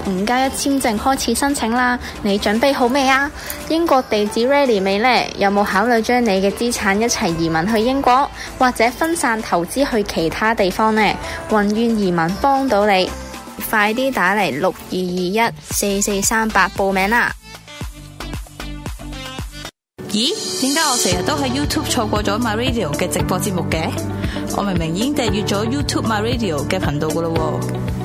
五加一簽證開始申請啦，你準備好未啊？英國地址 ready 未呢？有冇考慮將你嘅資產一齊移民去英國，或者分散投資去其他地方呢？宏願移民幫到你，快啲打嚟六二二一四四三八報名啦！咦，點解我成日都喺 YouTube 錯過咗 My Radio 嘅直播節目嘅？我明明已經訂閱咗 YouTube My Radio 嘅頻道噶咯喎。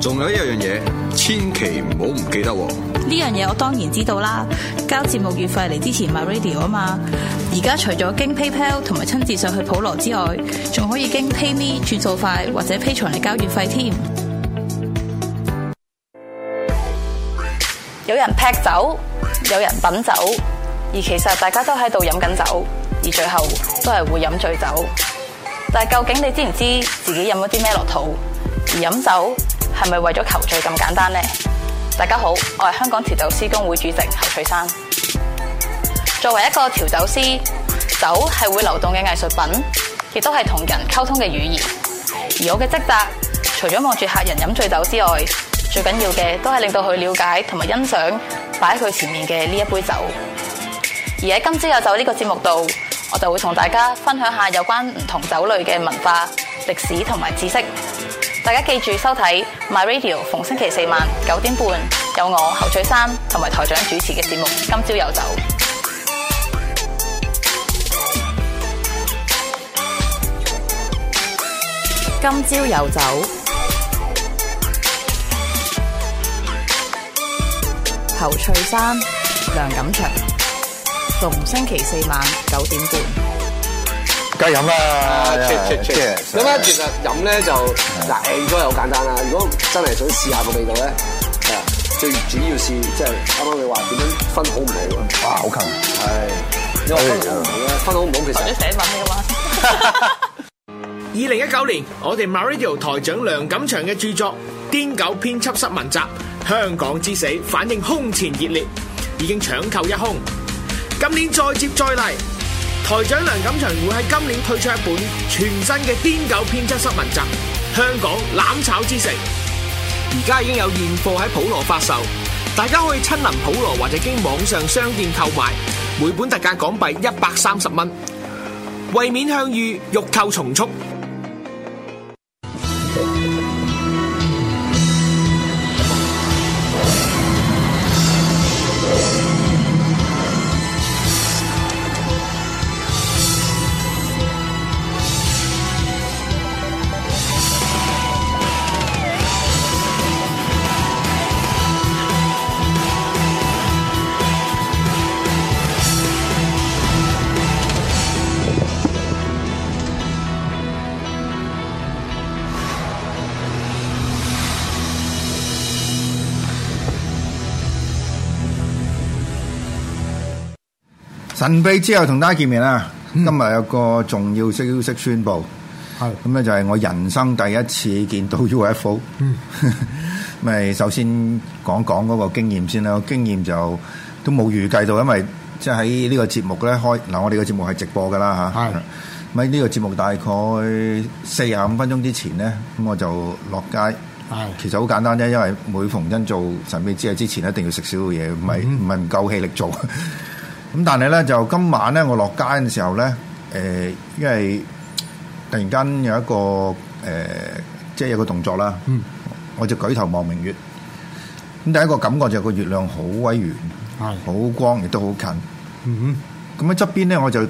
仲有一樣嘢，千祈唔好唔記得喎！呢樣嘢我當然知道啦，交節目月費嚟之前買 radio 啊嘛。而家除咗經 PayPal 同埋親自上去普羅之外，仲可以經 PayMe 轉數快或者 Pay 財嚟交月費添。有人劈酒，有人品酒，而其實大家都喺度飲緊酒，而最後都係會飲醉酒。但究竟你知唔知自己飲咗啲咩落肚？而飲酒。係咪為咗求醉咁簡單呢？大家好，我係香港調酒師工會主席侯翠珊。作為一個調酒師，酒係會流動嘅藝術品，亦都係同人溝通嘅語言。而我嘅職責，除咗望住客人飲醉酒之外，最緊要嘅都係令到佢了解同埋欣賞擺喺佢前面嘅呢一杯酒。而喺今朝有酒呢個節目度，我就會同大家分享下有關唔同酒類嘅文化、歷史同埋知識。大家記住收睇 My Radio，逢星期四晚九點半有我侯翠珊同埋台長主持嘅節目《今朝有酒》。今朝有酒，今朝有酒，侯翠珊、梁錦祥，逢星期四晚九點半。梗係飲啦，咁啊，其實飲咧就嗱，最初係好簡單啦。如果真係想試下個味道咧，最主要是，即係啱啱你話點樣分好唔好？哇，好近，係因為分唔同咧，分好唔好其實。你寫文嘅嘛。二零一九年，我哋 MyRadio 台長梁錦祥嘅著作《癲狗編輯室文集：香港之死》反應空前熱烈，已經搶購一空。今年再接再厲。台長梁錦祥會喺今年推出一本全新嘅癲狗編輯室文集《香港攬炒之城》，而家已經有現貨喺普羅發售，大家可以親臨普羅或者經網上商店購買，每本特價港幣一百三十蚊，為免向隅，欲購從速。準備之後同大家見面啦，嗯、今日有個重要消息,息宣布，係咁咧就係我人生第一次見到 UFO，咪、嗯、 首先講講嗰個經驗先啦，經驗就都冇預計到，因為即係喺呢個節目咧開，嗱我哋個節目係直播噶啦吓，係咪呢個節目大概四十五分鐘之前咧，咁我就落街，係是其實好簡單啫，因為每逢因做神秘之日之前，一定要食少嘢，唔係唔係唔夠氣力做。咁但係咧，就今晚咧，我落街嘅時候咧，誒、呃，因為突然間有一個誒、呃，即係有個動作啦。嗯。我就舉頭望明月。咁第一個感覺就係個月亮好鬼圓。好的光，亦都好近。咁喺側邊咧，我就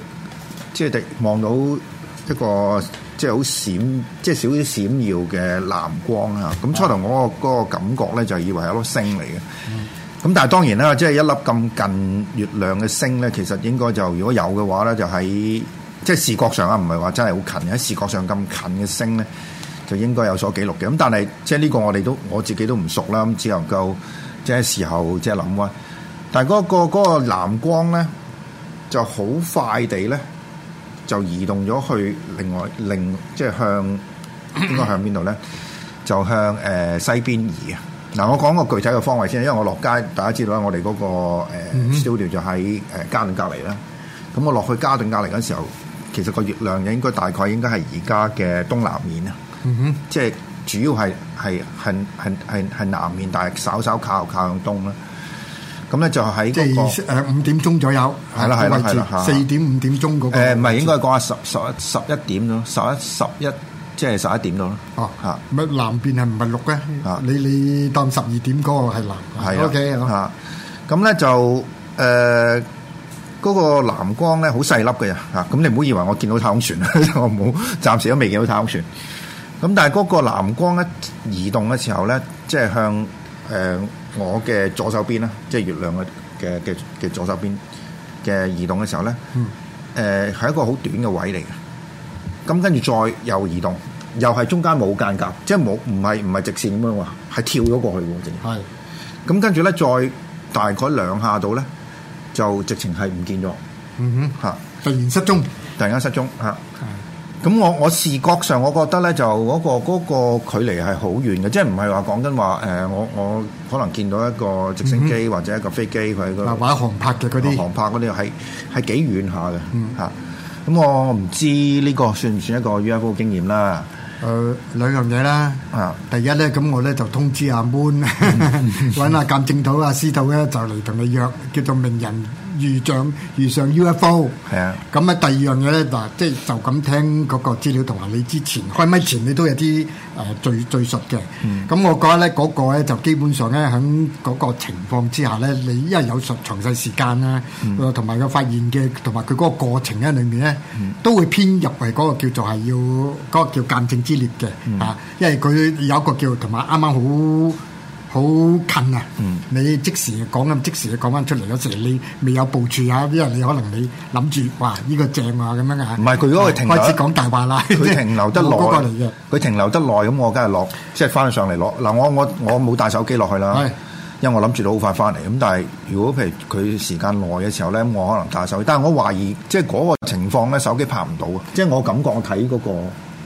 即係望到一個即係好閃，即係少少閃耀嘅藍光啊！咁初頭我嗰、那個那個感覺咧，就以為係粒星嚟嘅。嗯咁但係當然啦，即係一粒咁近月亮嘅星咧，其實應該就如果有嘅話咧，就喺即係視覺上啊，唔係話真係好近喺視覺上咁近嘅星咧，就應該有所記錄嘅。咁但係即係呢個我哋都我自己都唔熟啦，咁只能夠即係時候即係諗啊。但係、嗰、嗰個嗰、嗰個藍光咧就好快地咧就移動咗去另外另即係向應該向邊度咧？就向、呃、西邊移啊！嗱，我講個具體嘅方位先，因為我落街，大家知道啦，嗯哼，我哋嗰個 studio 就喺誒嘉頓隔籬啦。咁我落去嘉頓隔籬嗰時候，其實個月亮應該大概應該係而家嘅東南面啊，嗯、哼即係主要係係係係南面，但係稍稍靠靠向東啦。咁咧就喺嗰五點鐘左右，係啦係啦係啦，四點五點鐘嗰個唔係，呃、應該講下十十十一點咯，十一十一。十一十一十一即係十一點到咯。哦，吓，咪南邊係唔係綠嘅？啊，你你擔十二點嗰個係藍。係啊。O K，好。咁咧就誒，嗰個藍光咧好細粒嘅人。吓，咁你唔好以為我見到太空船啦，我冇，暫時都未見到太空船。咁但係嗰個藍光咧移動嘅時候咧，即係向誒我嘅左手邊啦，即係月亮嘅嘅嘅嘅左手邊嘅移動嘅時候咧，嗯，誒係一個好短嘅位嚟嘅。咁跟住再又移動，又係中間冇間隔，即係冇，唔係唔係直線咁樣喎，係跳咗過去喎，正是。係。咁跟住咧，再大概兩下度咧，就直情係唔見咗。嗯哼，是突然失蹤，突然間失蹤嚇。咁是我我視覺上我覺得咧，就嗰個嗰個距離係好遠嘅，即係唔係話講緊話誒，我我可能見到一個直升機或者一個飛機佢喺嗰個，嗱，玩航拍嘅嗰啲航拍嗰啲係係幾遠下嘅，嗯咁、嗯、我唔知呢個算唔算一個 UFO 經驗啦？誒兩樣嘢啦，你你啊、第一呢，咁我呢就通知阿、啊、Moon 揾阿鑑證師傅啊司徒呢，就嚟同你約叫做名人。遇像遇上 UFO，係啊的，咁啊第二樣嘢咧，嗱，即係就咁聽嗰個資料同埋你之前開咪前你都有啲誒敘敘述嘅，咁、嗯、我覺得咧嗰個咧就基本上咧喺嗰個情況之下咧，你因為有詳詳細時間啦，同埋個發現嘅同埋佢嗰個過程咧裏面咧，嗯、都會編入為嗰個叫做係要嗰、那個叫鑑證之列嘅，啊、嗯，因為佢有一個叫同埋啱啱好。好近啊！嗯、你即時講咁，即時講翻出嚟嗰時，你未有部署啊！因為你可能你諗住話呢個正啊咁樣啊？唔係佢如果佢停留，講大話啦。佢停留得耐，佢 停留得耐咁、嗯那個，我梗係落，即係翻上嚟落嗱。我我我冇帶手機落去啦，是因為我諗住都好快翻嚟咁。但係如果譬如佢時間耐嘅時候咧，我可能帶手機。但係我懷疑即係嗰個情況咧，手機拍唔到啊！即係我感覺我睇嗰、那個。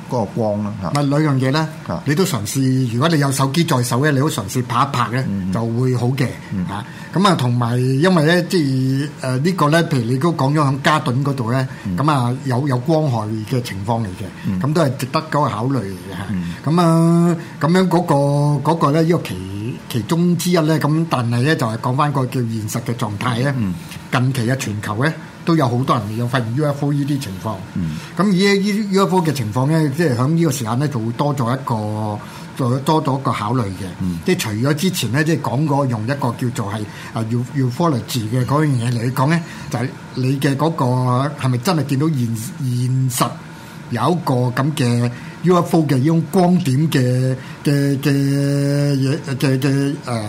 嗰個光啦嚇，咪兩樣嘢咧，是你都嘗試。如果你有手機在手咧，你都嘗試拍一拍咧，嗯、就會好嘅咁、嗯、啊，同埋因為咧，即係、呃這個、呢個咧，譬如你都講咗喺嘉頓嗰度咧，咁、嗯、啊有有光害嘅情況嚟嘅，咁、嗯、都係值得嗰個考慮嘅咁、嗯、啊，咁樣嗰、嗰個嗰、嗰個咧，一、呢個其其中之一咧，咁但係咧就係講翻個叫現實嘅狀態咧。嗯、近期嘅全球咧。都有好多人未有發現 UFO 呢啲情況，咁、嗯、而家 UFO 嘅情況咧，即係喺呢個時間咧，就會多咗一個，做多咗一個考慮嘅。即係、嗯、除咗之前咧，即、就、係、是、講過用一個叫做係啊，U-Ufology 字嘅嗰樣嘢嚟講咧，就係、是、你嘅嗰、那個係咪真係見到現現實有一個咁嘅 UFO 嘅呢種光點嘅嘅嘅嘢嘅嘅誒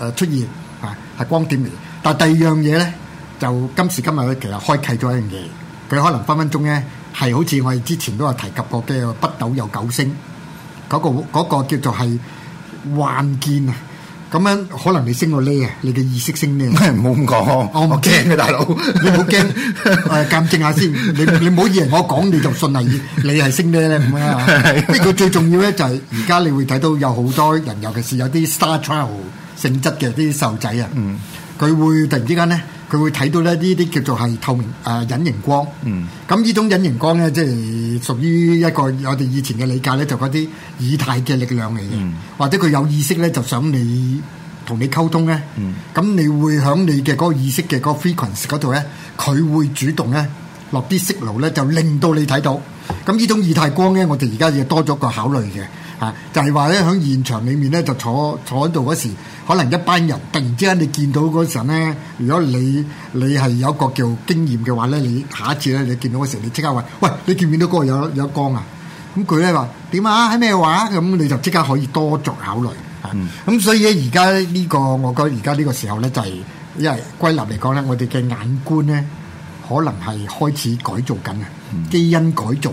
誒出現啊，係光點嚟。但係第二樣嘢咧。就今時今日佢其實開啓咗一樣嘢，佢可能分分鐘咧係好似我哋之前都有提及過嘅北斗有九星嗰個嗰個叫做係幻見啊！咁樣可能你升到咩啊？你嘅意識升咩啊？唔好講，我唔驚嘅，大佬你好驚？誒，鑑證下先，你你唔好以為我講你就信啊！你係升咩咧咁啊？係。呢個最重要咧就係而家你會睇到有好多人，尤其是有啲 Star Travel 性質嘅啲細仔啊，嗯，佢會突然之間咧。佢會睇到咧呢啲叫做係透明誒、呃、隱形光，咁呢、嗯、種隱形光咧，即、就、係、是、屬於一個我哋以前嘅理解咧，就嗰啲以太嘅力量嚟嘅，嗯、或者佢有意識咧就想你同你溝通咧，咁、嗯、你會喺你嘅嗰個意識嘅個 frequency 嗰度咧，佢會主動咧落啲色牢咧，就令到你睇到。咁呢種以太光咧，我哋而家亦多咗個考慮嘅、啊，就係話咧喺現場裏面咧，就坐坐喺度嗰時。可能一班人突然之間你見到嗰陣咧，如果你你係有一個叫經驗嘅話咧，你下一次咧你見到嗰時，你即刻話：喂，你見唔見到嗰個有有一光啊？咁佢咧話點啊？喺咩話？咁你就即刻可以多作考慮。咁所以咧，而家呢個我覺得而家呢個時候咧，就係因為歸納嚟講咧，我哋嘅眼觀咧，可能係開始改造緊啊！基因改造誒，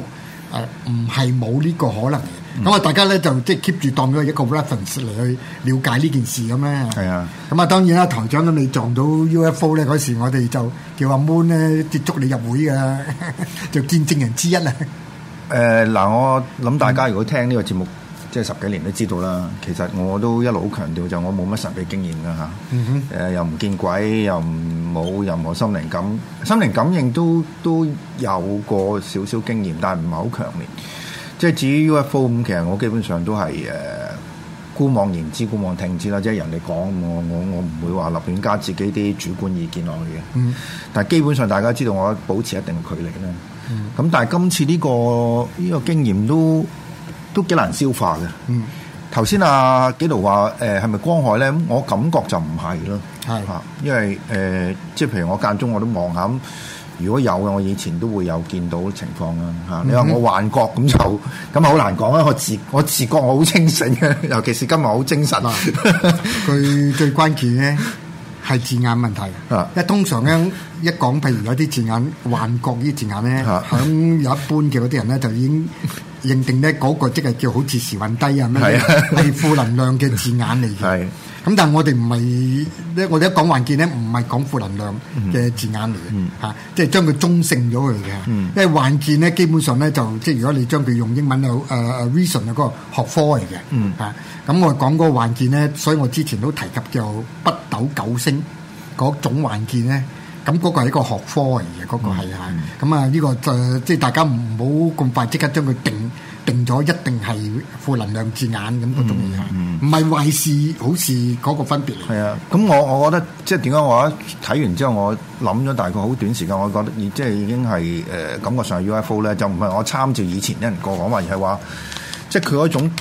唔係冇呢個可能。咁啊，大家咧就即係 keep 住當咗一個 reference 嚟去了解呢件事咁咧。係啊，咁啊，當然啦，台長咁你撞到 UFO 咧嗰時，我哋就叫阿 Moon 咧接觸你入會噶，就見證人之一啦。誒嗱，我諗大家如果聽呢個節目即係十幾年都知道啦，其實我都一路好強調就我冇乜實地經驗噶嚇。嗯哼，誒又唔見鬼，又唔冇任何心靈感、心靈感應都都有過少少經驗，但係唔係好強烈。即係至於 UFO 咁，其實我基本上都係誒姑妄言之，姑妄聽之啦。即係人哋講，我我我唔會話立亂加自己啲主觀意見落去嘅。嗯，但係基本上大家知道，我保持一定距離啦。咁、嗯、但係今次呢、呢個呢、呢個經驗都都幾難消化嘅。嗯，頭先阿紀陶話誒係咪光害咧？咁我感覺就唔係咯。係嚇的，因為誒、呃，即係譬如我間中我都望下如果有嘅，我以前都會有見到的情況啦嚇。嗯、你話我幻覺，咁就咁好難講啦。我自我自覺我好清醒嘅，尤其是今日好精神啊。佢最關鍵咧係字眼問題啊！一通常咧一講譬如有啲字眼幻覺呢啲字眼咧，有一般嘅嗰啲人咧就已經認定咧嗰個即係叫好似時運低啊咩嘢係負能量嘅字眼嚟嘅。是啊。咁但係我哋唔係我哋一講幻見咧，唔係講負能量嘅字眼嚟嘅、嗯嗯、即係將佢中性咗佢嘅。嗯、因為幻見咧，基本上咧就即係如果你將佢用英文有誒、uh, reason 啊嗰個學科嚟嘅，咁我講嗰個幻見咧，所以我之前都提及就北斗九星嗰種幻見咧，咁、那、嗰個係一個學科嚟嘅，嗰、那個係咁啊呢個就、呃、即係大家唔好咁快即刻將佢定。定咗一定係負能量字眼咁嗰種嘢，唔係壞事，嗯、係係好事嗰個分別。係啊，咁我我覺得即係點解我話？睇完之後，我諗咗大概好短時間，我覺得已即係已經係誒、呃、感覺上 UFO 咧，就唔係我參照以前啲人過講話，而係話即係佢嗰種、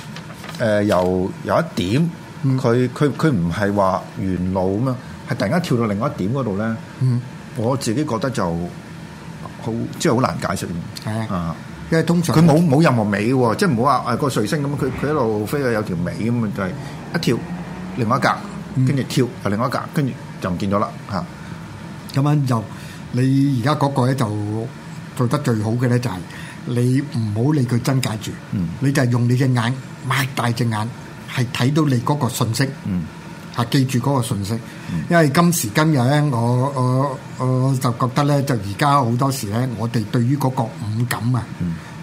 呃、由有一點，佢佢佢唔係話原路咁樣，係突然間跳到另外一點嗰度咧。嗯、我自己覺得就好，即係好難解釋。係的啊。因為通常佢冇冇任何尾喎，即係唔好話誒個彗星咁，佢佢一路飛去有條尾咁啊，就係、是、一跳，另外一格，跟住、嗯、跳又另外一格，跟住就唔見咗啦吓。咁樣就你而家嗰個咧就做得最好嘅咧就係你唔好理佢真解住，你、嗯、你就係用你隻眼擘大隻眼係睇到你嗰個信息。嗯係記住嗰個信息，因為今時今日咧，我我我就覺得咧，就而家好多時咧，我哋對於嗰個五感啊，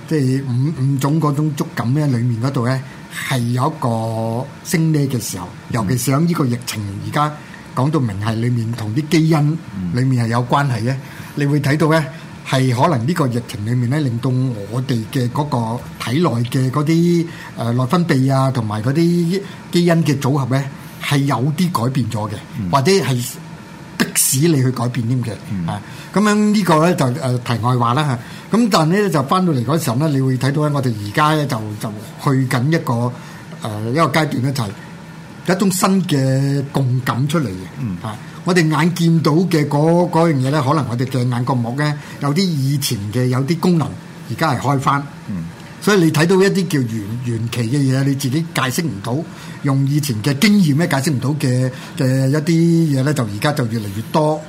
即係五五種嗰種觸感咧，裡面嗰度咧係有一個升呢嘅時候，尤其是喺呢個疫情而家講到明係裡面，同啲基因裡面係有關係咧，你會睇到咧係可能呢個疫情裡面咧令到我哋嘅嗰個體內嘅嗰啲誒內分泌啊，同埋嗰啲基因嘅組合咧。係有啲改變咗嘅，或者係的士你去改變添嘅，啊、嗯，咁樣呢個咧就誒題外話啦嚇。咁但係咧就翻到嚟嗰時候咧，你會睇到喺我哋而家咧就就去緊一個誒、呃、一個階段咧，就係一種新嘅共感出嚟嘅，啊、嗯，我哋眼見到嘅嗰樣嘢咧，可能我哋嘅眼角膜咧有啲以前嘅有啲功能，而家係開翻。嗯所以你睇到一啲叫原遠期嘅嘢，你自己解釋唔到，用以前嘅經驗咧解釋唔到嘅嘅一啲嘢咧，就而家就越嚟越多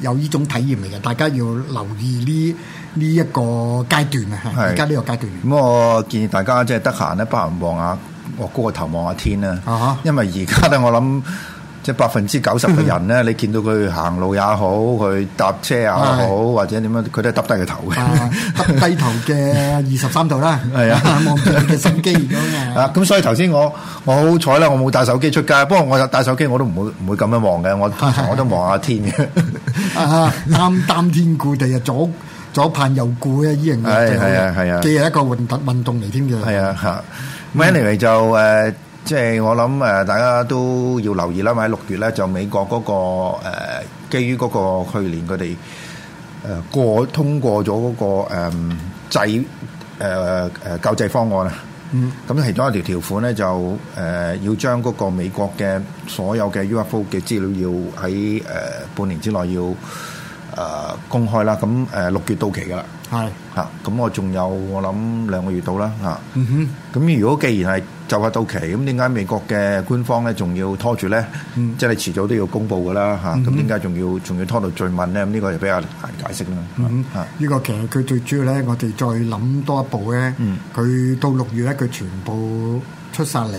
有呢種體驗嚟嘅，大家要留意呢呢一個階段啊！嚇，而家呢個階段。咁是、嗯、我建議大家即係得閒咧，不妨望下我高個頭望下天啦。啊哈、uh！Huh. 因為而家咧，我諗。百分之九十嘅人咧，你見到佢行路也好，佢搭車也好，或者點樣，佢都係耷低個頭嘅，耷低頭嘅二十三度啦。係啊，望住佢嘅手機咁，所以頭先我我好彩啦，我冇帶手機出街。不過我有帶手機，我都唔會唔會咁樣望嘅。我我都望下天嘅，擔擔天顧地啊，左左盼右顧啊，依型係啊係啊，既係一個運動嚟添嘅。係啊，anyway 就誒。即係我諗誒，大家都要留意啦。喺六月咧，就美國嗰個誒，基於嗰個去年佢哋誒過通過咗嗰個誒制誒誒救濟方案啊。嗯。咁其中一條條款咧，就誒要將嗰個美國嘅所有嘅 UFO 嘅資料，要喺誒半年之內要誒公開啦。咁誒六月到期㗎啦。係。嚇！咁我仲有我諗兩個月到啦。嚇！嗯哼。咁如果既然係就話到期，咁點解美國嘅官方咧仲要拖住咧？嗯、即係遲早都要公布噶啦嚇，咁點解仲要仲要拖到最問咧？咁、這、呢個就比較難解釋啦。呢、嗯、是個其實佢最主要咧，我哋再諗多一步咧，佢到六月咧，佢全部出晒嚟，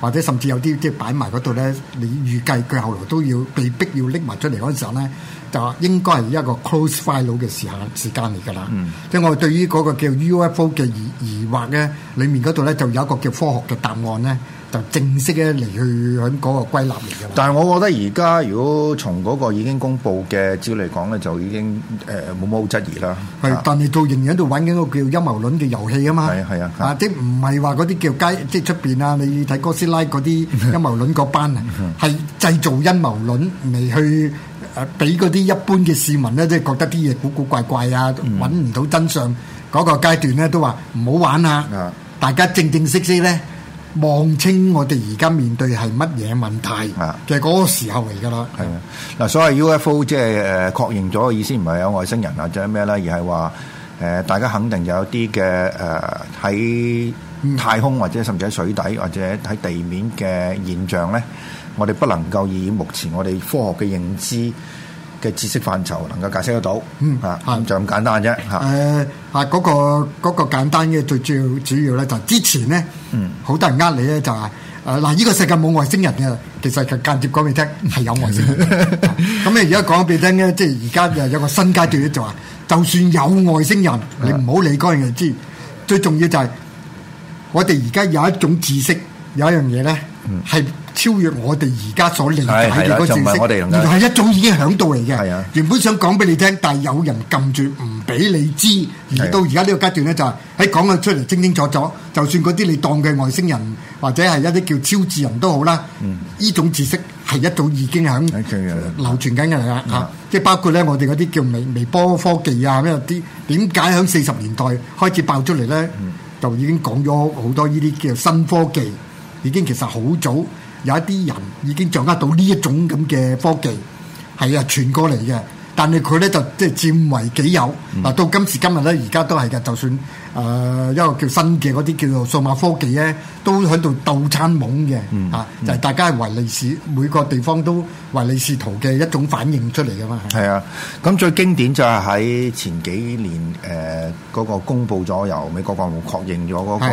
或者甚至有啲即係擺埋嗰度咧，你預計佢後來都要被逼要拎埋出嚟嗰時候咧。就應該係一個 close file 嘅時間嚟㗎啦，嗯、即係我對於嗰個叫 UFO 嘅疑疑惑咧，裡面嗰度咧就有一個叫科學嘅答案咧，就正式嘅嚟去喺嗰個歸納嚟㗎。但係我覺得而家如果從嗰個已經公布嘅招嚟講咧，就已經誒冇乜好質疑啦。但係到仍然喺度揾緊個叫陰謀論嘅遊戲啊嘛。係啊係啊，啊即係唔係話嗰啲叫街，即係出邊啊？你睇哥斯拉嗰啲陰謀論班啊，係 製造陰謀論嚟去。誒，俾嗰啲一般嘅市民咧，即係覺得啲嘢古古怪怪啊，揾唔到真相嗰個階段咧，都話唔好玩啊！嗯、大家正正式式咧，望清我哋而家面對係乜嘢問題，嗯、其實嗰個時候嚟噶啦。嗱，所謂 UFO 即係誒確認咗嘅意思，唔係有外星人或者咩啦，而係話誒大家肯定有啲嘅誒喺太空或者甚至喺水底或者喺地面嘅現象咧。我哋不能夠以目前我哋科學嘅認知嘅知識範疇，能夠解釋得到，嗯啊，就咁簡單啫，吓。誒，啊，嗰個嗰個簡單嘅最最主要咧，就之前咧，嗯，好多人呃你咧就話，誒嗱，呢個世界冇外星人嘅，其實就間接講俾你聽係有外星人。咁、嗯嗯嗯、你而家講俾你聽咧，即係而家又有個新階段咧，就話就算有外星人，你唔好理嗰樣嘢之，嗯、最重要就係、是、我哋而家有一種知識，有一樣嘢咧，係、嗯。超越我哋而家所理解嘅嗰個知識，原來係一種已經響到嚟嘅。原本想講俾你聽，但係有人撳住唔俾你知。而到而家呢個階段咧，就是，就係喺講嘅出嚟，清清楚楚。就算嗰啲你當嘅外星人，或者係一啲叫超智人都好啦。呢、嗯、種知識係一早已經響流傳緊嘅嚟啦。嚇、嗯，即係包括咧，我哋嗰啲叫微微波科技啊，咩啲點解喺四十年代開始爆出嚟咧？就已經講咗好多呢啲叫新科技，已經其實好早。有一啲人已經掌握到呢種咁嘅科技，係啊傳過嚟嘅。但係佢咧就即係佔為己有嗱，嗯、到今時今日咧，而家都係嘅。就算誒、呃、一個叫新嘅嗰啲叫做數碼科技咧，都喺度鬥餐懵嘅嚇，就係、是、大家係唯利是圖，每個地方都唯利是圖嘅一種反應出嚟嘅嘛。係、嗯嗯、啊，咁最經典就係喺前幾年誒嗰、呃那個公布咗由美國國防部確認咗嗰個誒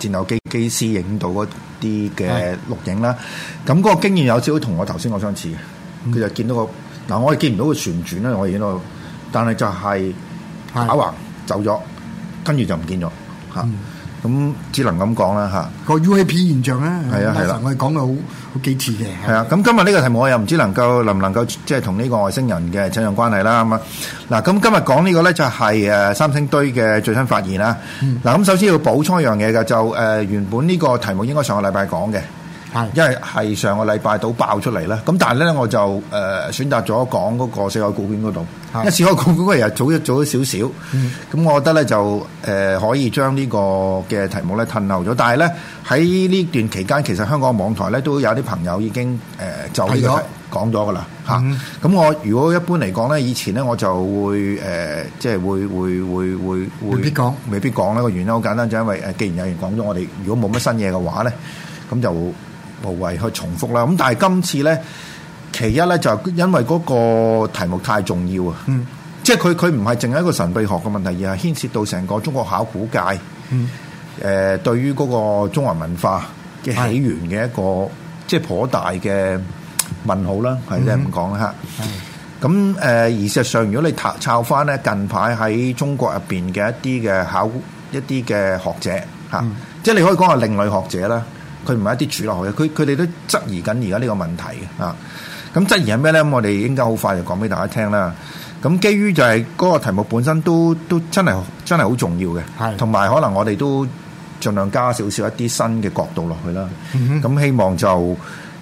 戰鬥機是機師影到嗰啲嘅錄影啦。咁嗰是個經驗有少少同我頭先我相似，佢、嗯、就見到個。嗱，我哋見唔到個旋轉咧，我而家，但係就係打橫走咗，係啊跟住就唔見咗嚇，咁、嗯、只能咁講啦嚇。個 UAP 現象咧，係啊係啦我哋講過好幾次嘅。係啊，咁今日呢個題目我又唔知能夠，能唔能夠即係同呢個外星人嘅親近關係啦咁啊。嗱、嗯，咁今日講呢個咧就係誒三星堆嘅最新發現啦。嗱，咁首先要補充一樣嘢嘅，就誒、呃、原本呢個題目應該上個禮拜講嘅。係，因為係上個禮拜都爆出嚟啦。咁但係咧，我就誒選擇咗講嗰個四海股權嗰度。四海股權嗰日早一早咗少少，咁我覺得咧就誒可以將呢個嘅題目咧褪後咗。但係咧喺呢段期間，其實香港網台咧都有啲朋友已經誒就呢個講咗噶啦。嚇，咁我如果一般嚟講咧，以前咧我就會誒即係會會會會會未必講，未必講呢個原因好簡單，就因為誒既然有人講咗，我哋如果冇乜新嘢嘅話咧，咁就。無謂去重複啦。咁但係今次咧，其一咧就因為嗰個題目太重要啊。嗯，即係佢佢唔係淨係一個神秘學嘅問題，而係牽涉到成個中國考古界。嗯。誒、呃，對於嗰個中華文，文化嘅起源嘅一個、啊、即係頗大嘅問號啦。係咧咁講啦。咁誒，而事實上，如果你抄翻咧，近排喺中國入邊嘅一啲嘅考一啲嘅學者嚇，嗯、即係你可以講係另類學者啦。佢唔係一啲主流嘅，佢佢哋都質疑緊而家呢個問題嘅啊！咁質疑係咩咧？咁我哋應該好快就講俾大家聽啦。咁基於就係嗰個題目本身都都真係真係好重要嘅，係同埋可能我哋都盡量加少少一啲新嘅角度落去啦。咁、嗯、哼希望就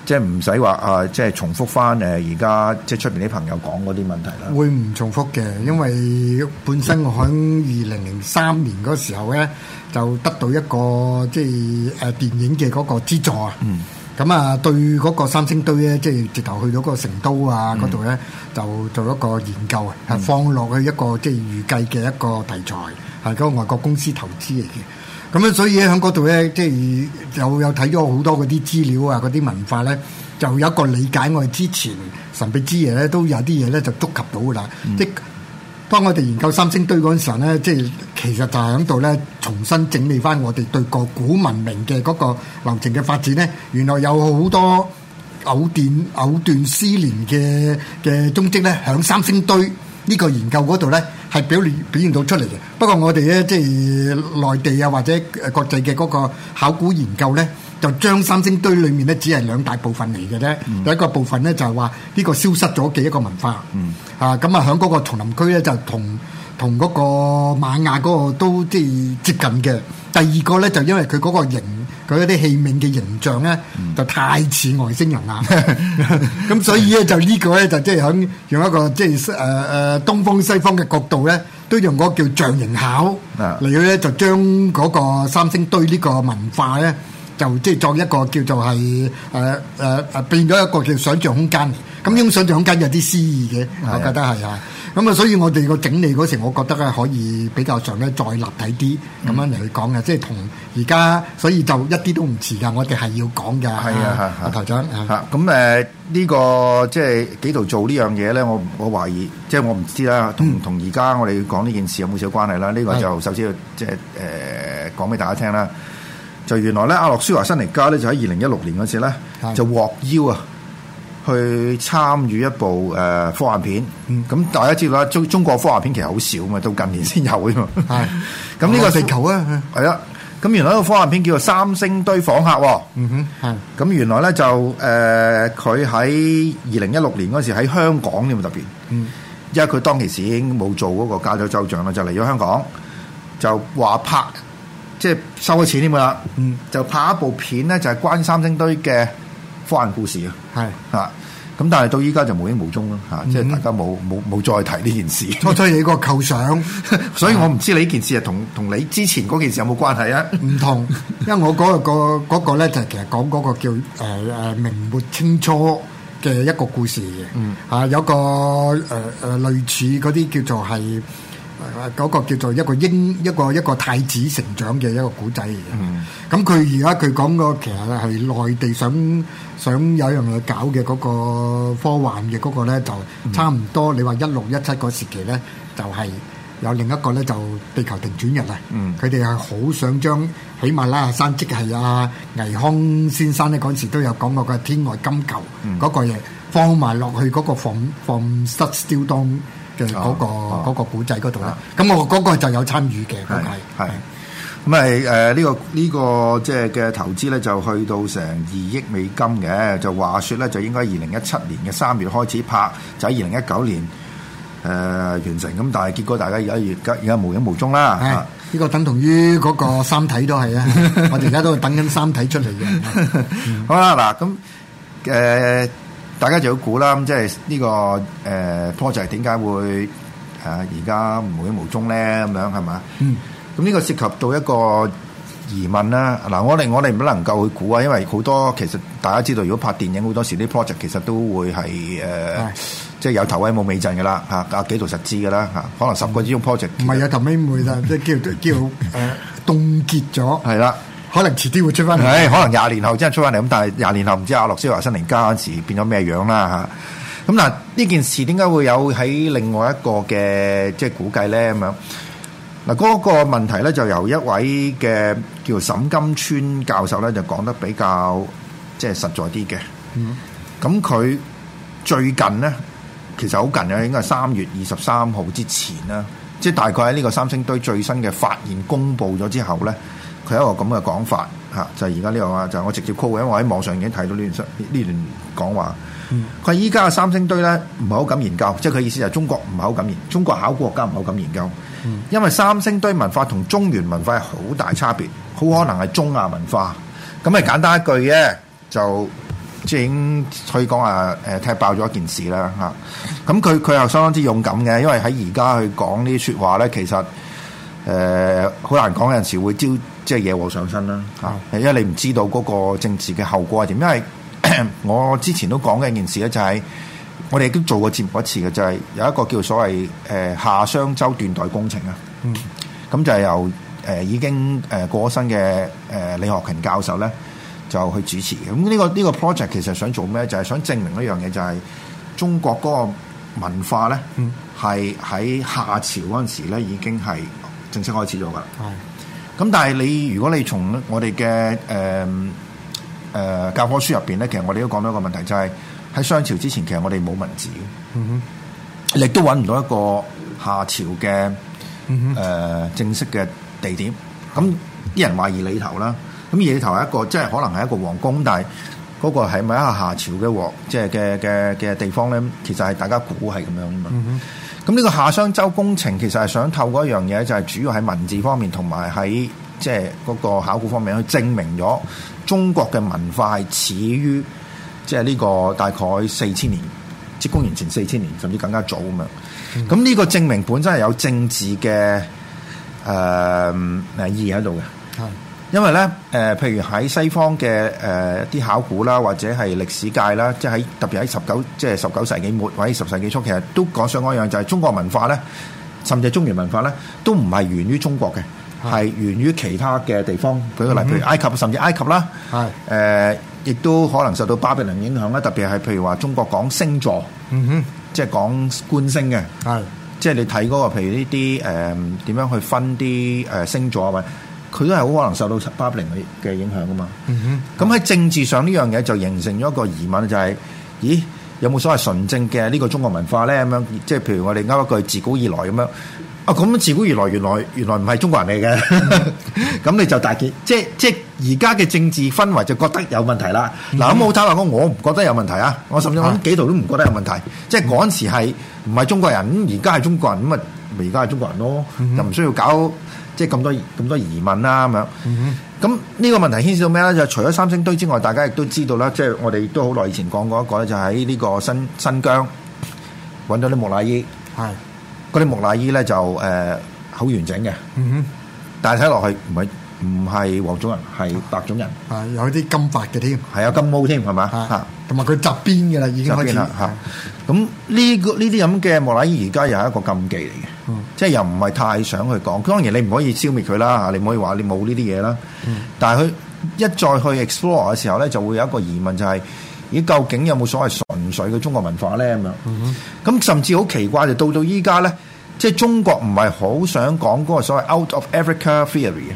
即係唔使話啊，即係重複翻誒而家即係出邊啲朋友講嗰啲問題啦。會唔重複嘅？因為本身我響二零零三年嗰時候咧。就得到一個即係誒電影嘅嗰個資助啊！咁啊、嗯，咁對嗰個三星堆咧，即係直頭去到個成都啊嗰度咧，就做一個研究啊，係、嗯、放落去一個即係預計嘅一個題材，係嗰個外國公司投資嚟嘅。咁啊，所以喺嗰度咧，即係又有睇咗好多嗰啲資料啊，嗰啲文化咧，就有一個理解。我哋之前神秘之夜咧，都有啲嘢咧就觸及到噶啦，嗯、即當我哋研究三星堆嗰陣時咧，即係其實就喺度咧，重新整理返我哋對個古文明嘅嗰個流程嘅發展咧，原來有好多藕斷藕斷絲連嘅嘅蹤跡咧，喺三星堆呢個研究嗰度咧，係表現表現到出嚟嘅。不過我哋咧，即係內地啊或者誒國際嘅嗰個考古研究咧。就將三星堆裡面呢，只係兩大部分嚟嘅啫。第、嗯、一個部分呢，就係話呢個消失咗嘅一個文化。嗯、啊，咁啊，喺嗰個叢林區咧，就同同嗰個瑪雅嗰個都即係接近嘅。第二個咧，就因為佢嗰個形，佢嗰啲器皿嘅形象咧，嗯、就太似外星人啦。咁、嗯、 所以咧，就呢個咧，就即係喺用一個即係誒誒東方西方嘅角度咧，都用嗰個叫象形考嚟到咧，嗯、就將嗰個三星堆呢個文化咧。就即係作一個叫做係誒誒誒變咗一個叫想像空間，咁呢種想像空間有啲詩意嘅，我覺得係啊。咁啊，所以我哋個整理嗰時，我覺得咧可以比較上咧再立體啲咁樣嚟去講嘅，即係同而家，所以就一啲都唔遲噶。我哋係要講噶，係啊，台長吓咁誒呢個即係紀陶做呢樣嘢咧？我我懷疑，即係我唔知啦，同唔同而家我哋講呢件事有冇少關係啦？呢個就首先即係誒講俾大家聽啦。就原來咧，阿諾舒華辛尼加咧就喺二零一六年嗰時咧就獲邀啊，去參與一部誒、呃、科幻片。咁、嗯、大家知道啦，中中國科幻片其實好少嘛，到近年先有嘅嘛。係咁呢個地球啊，係啊、哦。咁原來個科幻片叫做《三星堆訪客》。嗯哼，係。咁原來咧就誒，佢喺二零一六年嗰時喺香港呢特別。嗯。因為佢當其時已經冇做嗰個加州州長啦，就嚟咗香港，就話拍。即係收咗錢啲咪啦，嗯，就拍一部片咧，就係、是、關三星堆嘅科幻故事啊，係啊是，咁但係到依家就無影無蹤啦，吓、嗯，即係大家冇冇冇再提呢件事。我推你個構想，所以我唔知你呢件事係同同你之前嗰件事有冇關係啊？唔同，因為我嗰、那個嗰、那個咧就係其實講嗰個叫誒誒、呃、明末清初嘅一個故事，嗯、吓、啊、有個誒誒、呃、類似嗰啲叫做係。嗰個叫做一個英一個一個太子成長嘅一個古仔嚟嘅，咁佢而家佢講個其實係內地想想有樣嘢搞嘅嗰個科幻嘅嗰個咧，就差唔多你話一六一七嗰時期咧，就係有另一個咧就地球停轉日啊！佢哋係好想將喜馬拉雅山即係阿倪匡先生咧嗰陣時都有講過嘅天外金球嗰個嘢放埋落去嗰個房房室雕當。嘅嗰、嗰個嗰、哦嗰個股制嗰度咧，咁我嗰個就有參與嘅咁係，咁係呢個呢、呢個即係嘅投資咧，就去到成二億美金嘅，就話說咧，就應該二零一七年嘅三月開始拍，就喺二零一九年、呃、完成，咁但係結果大家而家而家而家無影無蹤啦，呢、呢個等同於嗰個三體都係啊， 我哋而家都等緊三體出嚟嘅， 嗯、好啦，咁大家就要估啦，咁即係呢個誒 project 點解會誒而家無影無蹤咧？咁樣係咪？嗯，咁呢個涉及到一個疑問啦。嗱，我哋我哋唔能夠去估啊，因為好多其實大家知道，如果拍電影好多時啲 project 其實都會係誒，即係有頭威冇尾陣嘅啦，嚇，阿幾度實知嘅啦，嚇，可能十個之中 project 唔係有頭尾唔會啦，即係叫叫誒凍結咗，係啦。可能遲啲會出翻嚟，可能廿年後真係出翻嚟。咁但係廿年後唔知阿諾舒華辛力加嗰陣時變咗咩樣啦嚇。咁嗱，呢件事點解會有喺另外一個嘅即係估計咧？咁樣嗱，嗰個問題咧就由一位嘅叫沈金川教授咧就講得比較即係實在啲嘅。咁佢最近咧其實好近嘅，應該係三月二十三號之前啦。即係大概喺呢個三星堆最新嘅發現公佈咗之後咧。佢有一個咁嘅講法嚇，就係而家呢樣話，就係、我直接 call 嘅，因為我喺網上已經睇到呢段呢段講話。佢依家三星堆咧唔係好敢研究，即係佢意思就係中國唔係好敢研，中國考古學家唔係好敢研究，因為三星堆文化同中原文化係好大差別，好可能係中亞文化。咁咪簡單一句嘅就即係已經可以講啊誒踢爆咗一件事啦嚇。咁佢佢又相當之勇敢嘅，因為喺而家去講呢啲説話咧，其實誒好、呃、難講，有陣時會招。即係惹禍上身啦，嚇、嗯！因為你唔知道嗰個政治嘅後果係點。因為我之前都講嘅一件事咧、就是，就係我哋都做過節目一次嘅，就係、是、有一個叫做所謂誒夏商周斷代工程啊。嗯，咁就係由誒、呃、已經誒、呃、過咗身嘅誒、呃、李學勤教授咧，就去主持嘅。咁呢、這個呢、這個 project 其實想做咩？就係、是、想證明一樣嘢、就是，就係中國嗰個文化咧，嗯，係喺夏朝嗰陣時咧已經係正式開始咗噶啦。係、嗯。咁但係你如果你從我哋嘅誒教科書入面咧，其實我哋都講到一個問題，就係、是、喺商朝之前，其實我哋冇文字、嗯、哼，亦都揾唔到一個夏朝嘅誒、呃、正式嘅地點。咁啲、嗯、哼人話二里頭啦，咁二里頭係一個即係可能係一個皇宮，但係嗰個係咪一個夏朝嘅王，即係嘅嘅嘅地方咧？其實係大家估係咁樣噶嘛。嗯咁呢個夏商周工程其實係想透過一樣嘢，就係主要喺文字方面同埋喺即係嗰個考古方面去證明咗中國嘅文化係始於即係呢個大概四千年，即公元前四千年，甚至更加早咁樣。咁呢、嗯、個證明本身係有政治嘅、呃、意義喺度嘅。因為咧，誒、呃，譬如喺西方嘅誒啲考古啦，或者係歷史界啦，即係特別喺十九，即係十九世紀末或者十世紀初，其實都講上嗰樣就係、是、中國文化咧，甚至中原文化咧，都唔係源於中國嘅，係是源於其他嘅地方。舉個例，譬如埃及甚至埃及啦，係誒是、呃，亦都可能受到巴比倫影響啦。特別係譬如話中國講星座，嗯哼，即係講觀星嘅，係是即係你睇嗰、那個，譬如呢啲誒點樣去分啲誒星座啊？佢都係好可能受到七八零嘅影響噶嘛，咁喺、嗯、哼政治上呢樣嘢就形成咗一個疑問，就係、是，咦，有冇所謂純正嘅呢個中國文化咧？咁樣，即係譬如我哋啱一句自古以來咁樣，啊，咁自古以來，原來原來唔係中國人嚟嘅，咁、嗯、 你就大結，即即而家嘅政治氛圍就覺得有問題啦。嗱、嗯，咁冇打話我唔覺得有問題啊，我甚至我幾度都唔覺得有問題，問題嗯、即係嗰陣時係唔係中國人，而家係中國人，咁啊咪而家係中國人咯，就唔、嗯、哼需要搞。即係咁多咁多疑問啦，咁樣。嗯哼。咁呢個問題牽涉到咩咧？就除咗三星堆之外，大家亦都知道啦。即係我哋都好耐以前講過一個咧，就喺呢個新新疆搵到啲木乃伊。係嗰啲木乃伊咧就誒好完整嘅。嗯哼，但係睇落去唔係。唔係黃種人，係白種人。係、啊、有啲金髮嘅添，係有、啊、金毛添，係嘛？嚇、啊，同埋佢雜邊嘅啦，已經開始啦嚇。咁呢、啊啊啊呢個呢啲咁嘅木乃伊，而家又係一個禁忌嚟嘅，嗯、即係又唔係太想去講。當然你唔可以消滅佢啦，嚇，你唔可以話你冇呢啲嘢啦。嗯、但係佢一再去 explore 嘅時候咧，就會有一個疑問就係：咦，究竟有冇所謂純粹嘅中國文化咧？咁樣、嗯，咁、嗯、甚至好奇怪就到到依家咧，即係中國唔係好想講嗰個所謂 Out of Africa Theory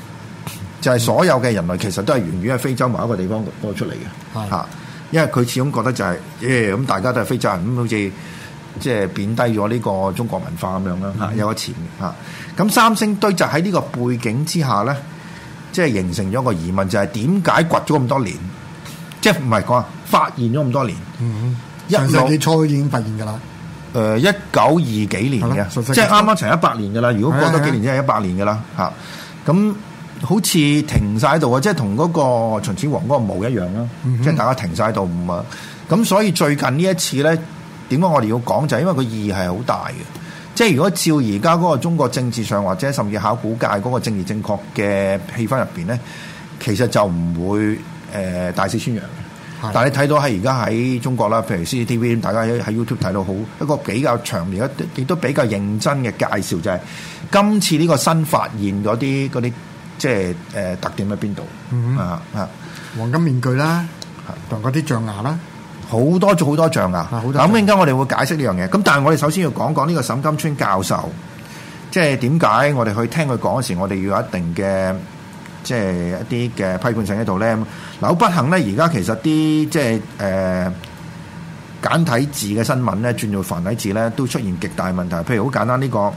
就係所有嘅人類其實都係源於喺非洲某一個地方度出嚟嘅，嚇、嗯。因為佢始終覺得就係、是，誒、欸、咁大家都係非洲人，咁好似即係貶低咗呢個中國文化咁樣啦，嗯、有個潛嘅咁、啊、三星堆就喺呢個背景之下咧，即、就、係、是、形成咗個疑問，就係點解掘咗咁多年？即係唔係講呀發現咗咁多年？嗯，一零年初已經發現㗎啦。誒、呃，一九二幾年嘅，即係啱啱成一百年㗎啦。的如果過多幾年，即係一百年㗎啦。嚇、啊，咁的。好似停晒度啊！即係，同嗰個秦始皇嗰個墓一樣啦，嗯、哼即係大家停晒度唔啊！咁所以最近呢一次咧，點解我哋要講就係因為個意義係好大嘅。即係如果照而家嗰個中國政治上或者甚至考古界嗰個政治正確嘅氣氛入面咧，其實就唔會、呃、大肆宣揚。的但係，你睇到喺而家喺中國啦，譬如 CCTV，大家喺 YouTube 睇到好一個比較長面，亦都比較認真嘅介紹，就係、是、今次呢個新發現嗰啲嗰啲。即係誒、呃、特點喺邊度啊啊！黃金面具啦，同嗰啲象牙啦，好多好多象牙。嗱咁、啊，而家我哋會解釋呢樣嘢。咁但係我哋首先要講講呢個沈金川教授，即係點解我哋去聽佢講嗰時候，我哋要有一定嘅即係一啲嘅批判性喺度咧。嗱，不幸咧，而家其實啲即係誒、呃、簡體字嘅新聞咧，轉做繁體字咧，都出現極大問題。譬如好簡單呢、呢個。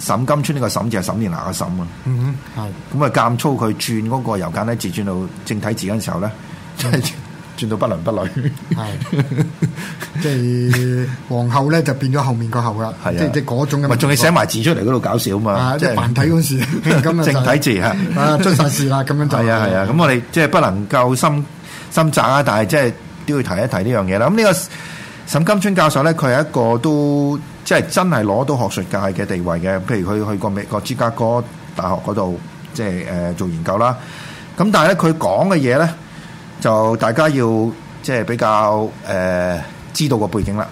沈金川呢個沈字係沈殿霞個沈啊，嗯哼，係，咁啊，監粗佢轉嗰個由簡體字轉到正體字嗰陣時候咧，真係轉到不倫不類，係，即係皇后咧就變咗後面個後啦，係啊，即係嗰種咁，咪仲要寫埋字出嚟，嗰度搞笑啊嘛，即係繁體嗰、啊那個、時，咁 啊正體字啊，出晒、 啊、事啦，咁樣就係啊係啊，咁、啊、 我哋即係不能夠深深責啊，但係即係都要提一提呢樣嘢啦。咁、那、呢個沈金川教授咧，佢係一個都。即係真係攞到學術界嘅地位嘅，譬如佢去過美國芝加哥大學嗰度，即係、呃、做研究啦。咁但係咧，佢講嘅嘢咧，就大家要即係比較、呃、知道個背景啦。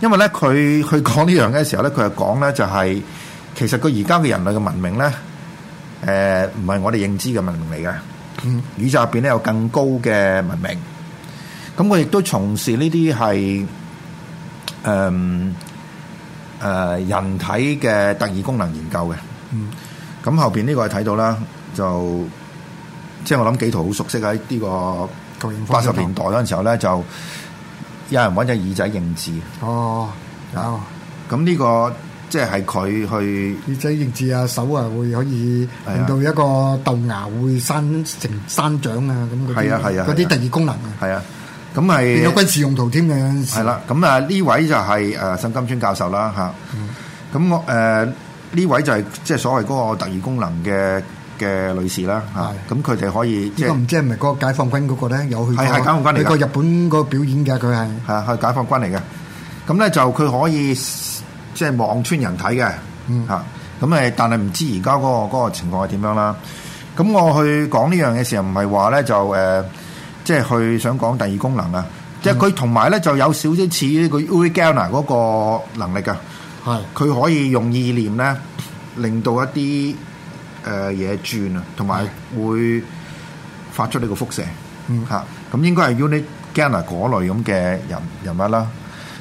因為咧，佢去講呢樣嘅時候咧，佢係講咧就係其實佢而家嘅人類嘅文明咧，呃、唔係我哋認知嘅文明嚟嘅。宇宙入邊咧有更高嘅文明。咁佢亦都從事呢啲係誒、呃，人體嘅特異功能研究嘅，咁、嗯、後邊呢個係睇到啦，就即係、就是、我諗紀陶好熟悉喺呢個八十年代嗰陣時候咧，就有人搵隻耳仔認字。哦，咁呢、啊、個即係係佢去耳仔認字啊，手啊會可以令到、啊、一個豆芽會生成生長啊，咁嗰啲係啊係啊，啲、啊啊、特異功能係啊。咁係有軍事用途添嘅。係啦，咁啊呢位就係誒沈金川教授啦，嚇。嗯。咁我誒呢位就係即係所謂嗰個特異功能嘅嘅女士啦，嚇。係。咁佢哋可以即係唔知係咪嗰個解放軍嗰個咧有去？係係解放軍嚟嘅。個日本嗰個表演嘅佢係係係解放軍嚟嘅。咁咧就佢可以即係望穿人體嘅，嚇。咁誒，但係唔知而家嗰個嗰個情況係點樣啦？咁我去講呢樣嘢時候，唔係話咧就誒。即係去想講第二功能啊！即係佢同埋咧就有少少似呢個 Uri Geller 嗰個能力噶，係佢的可以用意念咧令到一啲誒嘢轉啊，同埋會發出呢個輻射，嚇，咁的應該係 Uri Geller 嗰類咁嘅人人物啦。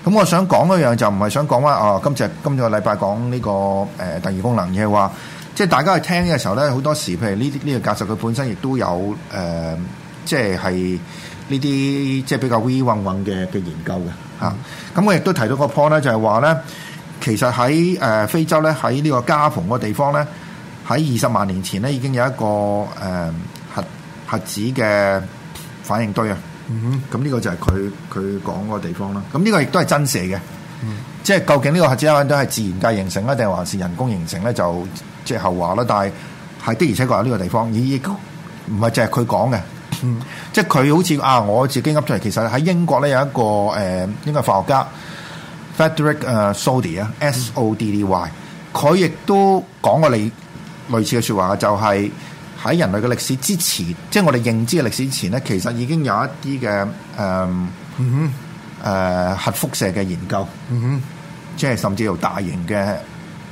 咁我想講一樣就唔係想講話哦，今次今個禮拜講呢、這個誒、呃、第二功能，嘅係話即係大家去聽嘅時候咧，好多時譬如呢啲呢個格式佢本身亦都有誒。呃即係呢啲即係比較 we 揾揾嘅嘅研究嘅嚇，咁、啊、我亦都提到一個 point 咧，就係話咧，其實喺誒、呃、非洲咧，喺呢個加蓬個地方咧，喺二十萬年前咧已經有一個誒、呃、核核子嘅反應堆啊！咁呢、mm hmm. 個就係佢佢講個地方啦。咁呢個亦都係真事嘅，mm hmm. 即係究竟呢個核子反應堆係自然界形成咧，定還，還是人工形成咧？就即係後話啦。但係係的而且確有呢個地方，而亦唔係淨係佢講嘅。嗯，即係佢好似啊，我自己噏出嚟，其實喺英國咧有一個誒，英國化學家 Frederick 誒、呃、Soddy 啊，S O D D Y，佢亦都講過嚟類,類似嘅說話，就係、是、喺人類嘅歷史之前，即係我哋認知嘅歷史之前咧，其實已經有一啲嘅誒，誒、呃嗯哼呃、核輻射嘅研究，嗯、即係甚至有大型嘅。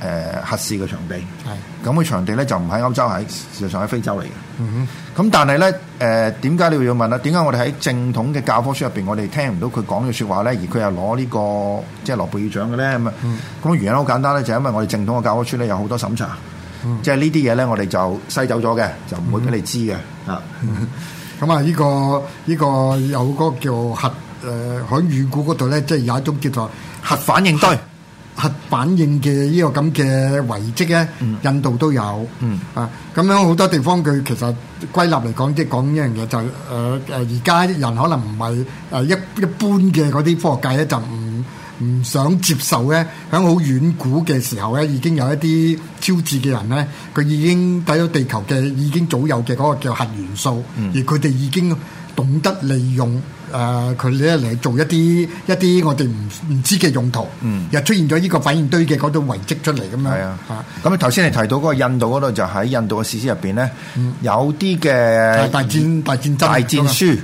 誒、呃，核試嘅場地，係咁嘅場地咧，就唔喺歐洲，喺事實上喺非洲嚟嘅。咁、嗯、哼但係咧，誒、呃，點解你要問啊？點解我哋喺正統嘅教科書入面，我哋聽唔到佢講嘅說話咧，而佢又攞呢、呢個即係諾貝爾獎嘅咧？咁啊、嗯，咁原因好簡單咧，就係、因為我哋正統嘅教科書咧有好多審查，即係呢啲嘢咧，西我哋就篩走咗嘅，就唔會俾你知嘅。咁啊、嗯，呢、嗯呢個呢、呢個有個叫核，誒喺遠古嗰度咧，即係有一種叫做核、核反應堆。核反應嘅呢個咁嘅遺跡咧，印度都有，嗯嗯、啊咁樣好多地方佢其實歸納嚟講，即係講一樣嘢就誒、係、誒，而家啲人可能唔係誒一一般嘅嗰啲科學界咧，就唔唔想接受咧，喺好遠古嘅時候咧，已經有一啲超智嘅人咧，佢已經睇到地球嘅已經早有嘅嗰個叫核元素，嗯、而佢哋已經懂得利用。誒佢咧嚟做一啲一啲我哋唔唔知嘅用途，嗯，又出現咗呢個反應堆嘅嗰種遺跡出嚟咁樣，係啊，咁頭先你提到嗰個印度嗰度，就喺印度嘅史詩入面咧，嗯、有啲嘅大戰大戰爭大戰書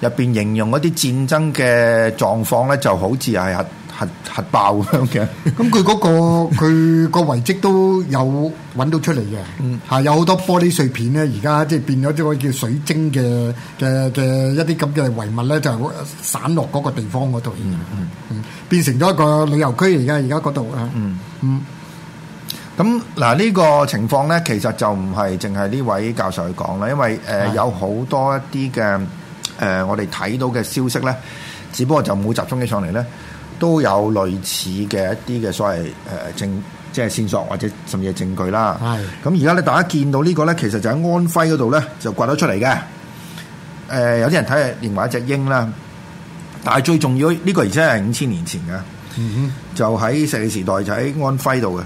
入面形容嗰啲戰爭嘅狀況咧，就好似係。核核爆嘅，咁佢嗰個佢個遺跡都有揾到出嚟嘅，吓 有好多玻璃碎片咧，而家即係變咗即啲叫水晶嘅嘅嘅一啲咁嘅遺物咧，就係、散落嗰個地方嗰度、嗯嗯嗯，變成咗一個旅遊區而家而家嗰度啦。嗯嗯，咁嗱呢個情況咧，其實就唔係淨係呢位教授去講啦，因為誒、呃、的有好多一啲嘅誒我哋睇到嘅消息咧，只不過就冇集中起上嚟咧。都有類似嘅一啲嘅所謂誒證，即係線索或者甚至係證據啦。係咁而家咧，大家見到呢、這個咧，其實就喺安徽嗰度咧就掘得出嚟嘅。誒、呃、有啲人睇下另外一隻鷹啦，但係最重要呢、這個而且係五千年前嘅，嗯、哼，就喺石器時代就喺安徽度嘅。咁、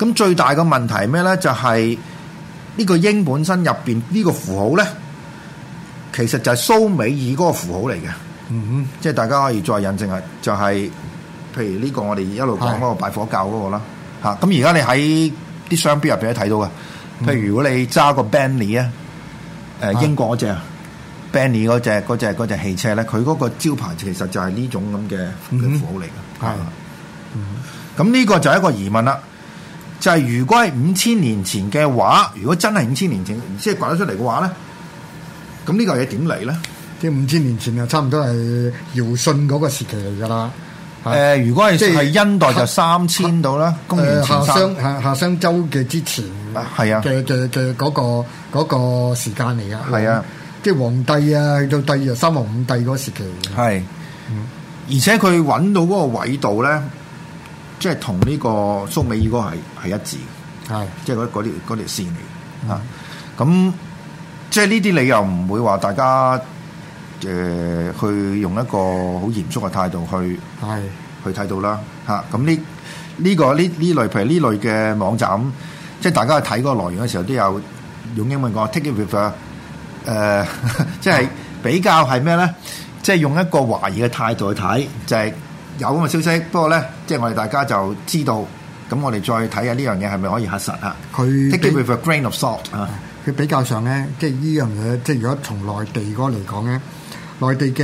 嗯、最大嘅問題係咩咧？就係、是、呢個鷹本身入邊呢個符號咧，其實就係蘇美爾嗰個符號嚟嘅。嗯哼，即係大家可以再印證下，就係、是、譬如呢個我哋一路講嗰個拜火教嗰、那個啦，吓咁而家你喺啲商標入邊都睇到嘅，譬如如果你揸個 Bentley 啊、嗯，誒英國嗰隻 Bentley 嗰隻嗰隻嗰隻汽車咧，佢嗰個招牌其實就係呢種咁嘅、嗯、哼符號嚟嘅，係的，咁呢的個就係一個疑問啦，就係、是、如果係五千年前嘅話，如果真係五千年前即係掘得出嚟嘅話咧，咁呢個嘢點嚟咧？五千年前啊，差唔多係堯舜嗰個時期嚟噶啦。誒、呃，如果係即係殷代就三千到啦，公元前三夏商，夏商周嘅之前，係啊嘅嘅嘅嗰個、嗰個時間嚟噶。係啊，嗯、即係皇帝啊，去到第二啊，三皇五帝嗰個時期。係是，嗯、而且佢揾到嗰個緯度咧，即係同呢個蘇美爾個係係一致，係是，即係嗰嗰條嗰條線嚟。咁即係呢啲你又唔會話大家？誒、呃，去用一個好嚴肅嘅態度去是去睇到啦，咁呢呢個呢呢類譬如呢類嘅網站，即係大家去睇嗰個來源嘅時候，都有用英文講 take it with a、呃、 即係比較係咩咧？即係用一個懷疑嘅態度去睇，就係、是、有咁嘅消息。不過咧，即係我哋大家就知道，咁我哋再睇下呢樣嘢係咪可以核實啊？佢他 take it 跟 with a grain of salt 啊。佢比較上咧，即係呢樣嘢，即係如果從內地嗰嚟講咧。內地嘅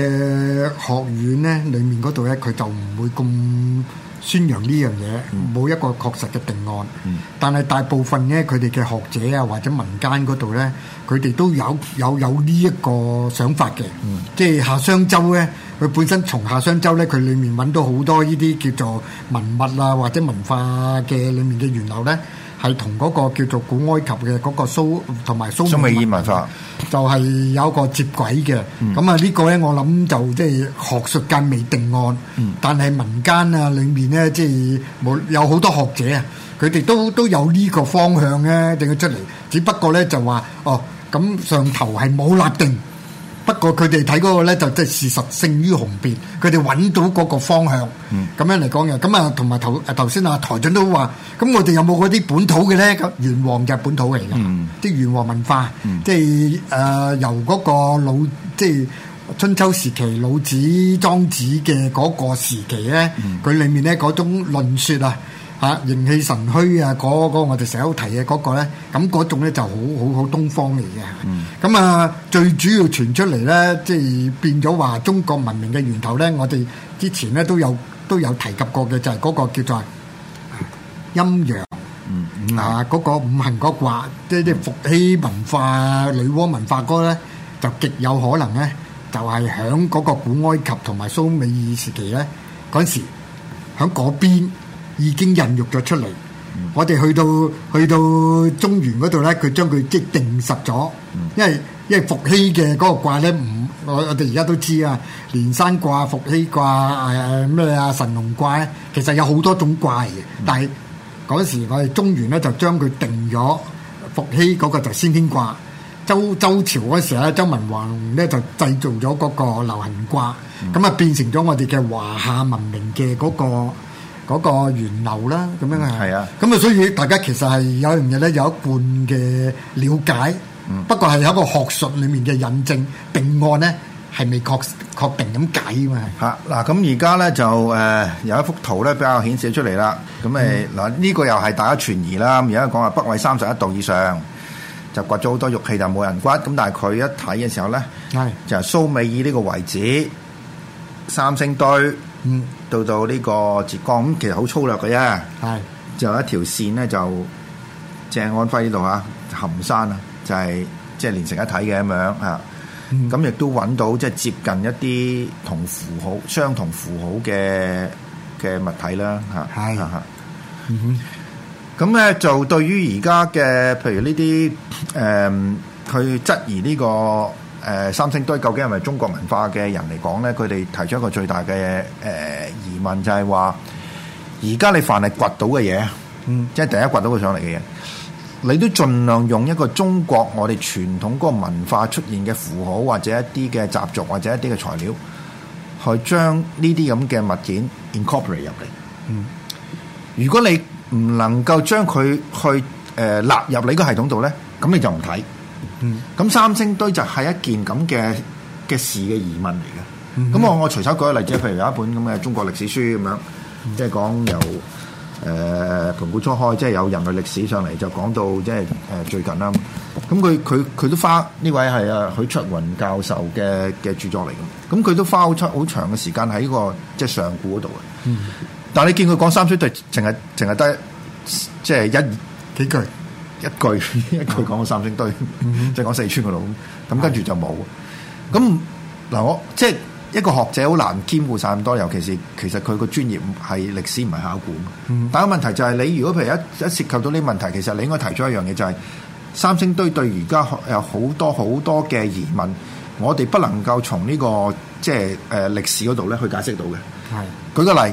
學院咧，裏面嗰度咧，佢就唔會咁宣揚呢樣嘢，冇一個確實嘅定案。嗯、但係大部分咧，佢哋嘅學者啊，或者民間嗰度咧，佢哋都有有有呢一個想法嘅。嗯、即係夏商周咧，佢本身從夏商周咧，佢裏面揾到好多呢啲叫做文物啊，或者文化嘅裏面嘅源流咧。係同嗰個叫做古埃及嘅嗰個蘇同埋蘇美爾文化，就係有個接軌嘅。咁啊，呢個咧我諗就即係學術界未定案，但係民間啊裏面咧即係冇有好多學者啊，佢哋都都有呢個方向咧定佢出嚟，只不過咧就話哦，咁上頭係冇立定。不過佢哋睇嗰個咧，就即係事實勝於雄辯，佢哋揾到嗰個方向，咁、嗯、樣嚟講嘅。咁啊，同埋頭誒頭先啊，台長都話，咁我哋有冇嗰啲本土嘅咧？咁元皇就本土嚟嘅，啲、嗯、元皇文化，嗯、即係誒、呃、由嗰個老，即係春秋時期老子、莊子嘅嗰個時期咧，佢、嗯、裏面咧嗰種論說啊。嚇，形氣神虛啊，嗰個我哋成日好提嘅嗰個咧，咁嗰種咧就好好好東方嚟嘅。咁啊，最主要傳出嚟咧，即係變咗話中國文明嘅源頭咧，我哋之前咧都有都有提及過嘅，就係嗰個叫做陰陽啊，嗰個五行個卦，即係伏羲文化、女媧文化嗰咧，就極有可能咧，就係響嗰個古埃及同埋蘇美爾時期咧嗰陣時，響嗰邊，已經孕育咗出嚟，嗯、我哋去到去到中原嗰度呢，佢將佢即定實咗，嗯、因為因為伏羲嘅嗰個卦咧，唔我我哋而家都知啊，連山卦、伏羲卦啊咩啊神龍卦，其實有好多種卦嘅，嗯、但係嗰時我哋中原呢，就將佢定咗伏羲嗰個就先天卦，周周朝嗰時咧周文王呢，就製造咗嗰個流行卦，咁啊、嗯、變成咗我哋嘅華夏文明嘅嗰、那個。嗰個源流啦，咁樣啊，咁啊，所以大家其實係有一樣嘢咧，有一半嘅瞭解，不過係有一個學術裡面嘅印證定案咧，係未確確定咁解啊嘛。嚇嗱，咁而家咧就誒有一幅圖咧比較顯示出嚟啦，咁誒嗱呢個又係大家存疑啦，而家講話北緯三十一度以上就掘咗好多玉器，就冇人骨，咁但係佢一睇嘅時候咧，就蘇美爾呢個位置三星堆。嗯，到到呢個浙江咁，其實好粗略嘅啫，是就有一條線咧，就正安徽呢度嚇，含山啊，就係即係連成一體嘅咁樣嚇。咁亦都揾到即係接近一啲同符號相同符號嘅嘅物體啦嚇。係嚇是，嗯咁咧、嗯、就對於而家嘅譬如呢啲誒，佢、呃、質疑呢、呢個。誒三星堆究竟係咪中國文化嘅人嚟講咧？佢哋提出一個最大嘅誒疑問就是說，就係話：而家你凡係掘到嘅嘢，嗯，即係第一掘到佢上嚟嘅嘢，你都盡量用一個中國我哋傳統嗰個文化出現嘅符號，或者一啲嘅習俗，或者一啲嘅材料，去將呢啲咁嘅物件 incorporate 入嚟。嗯，如果你唔能夠將佢去誒、呃、納入你個系統度咧，咁你就唔睇。嗯，咁三星堆就係一件咁嘅嘅事嘅疑問嚟嘅。咁、嗯、哼我我隨手舉個例子，譬如有一本咁嘅中國歷史書咁樣，即係講由誒盤、呃、古初開，即、就、係、是、有人類歷史上嚟就講到即係誒最近啦。咁佢佢佢都花呢位係啊許卓雲教授嘅嘅著作嚟嘅。咁佢都花好出好長嘅時間喺、這個即係、就是、上古嗰度嘅。嗯、哼但係你見佢講三星堆，淨係淨係得即係一幾句。一句一句講到三星堆，即係講四川嗰度咁，嗯、跟住就冇。咁嗱、嗯，我即係一個學者，好難兼顧晒咁多，尤其是其實佢個專業係歷史，唔係考古。嗯、但個問題就係，你如果譬如一一涉及到呢問題，其實你應該提出一樣嘢，就是，就係三星堆對而家有好多好多嘅疑問，我哋不能夠從呢、呢個即係誒、呃、歷史嗰度咧去解釋到嘅。係，是的 舉個例。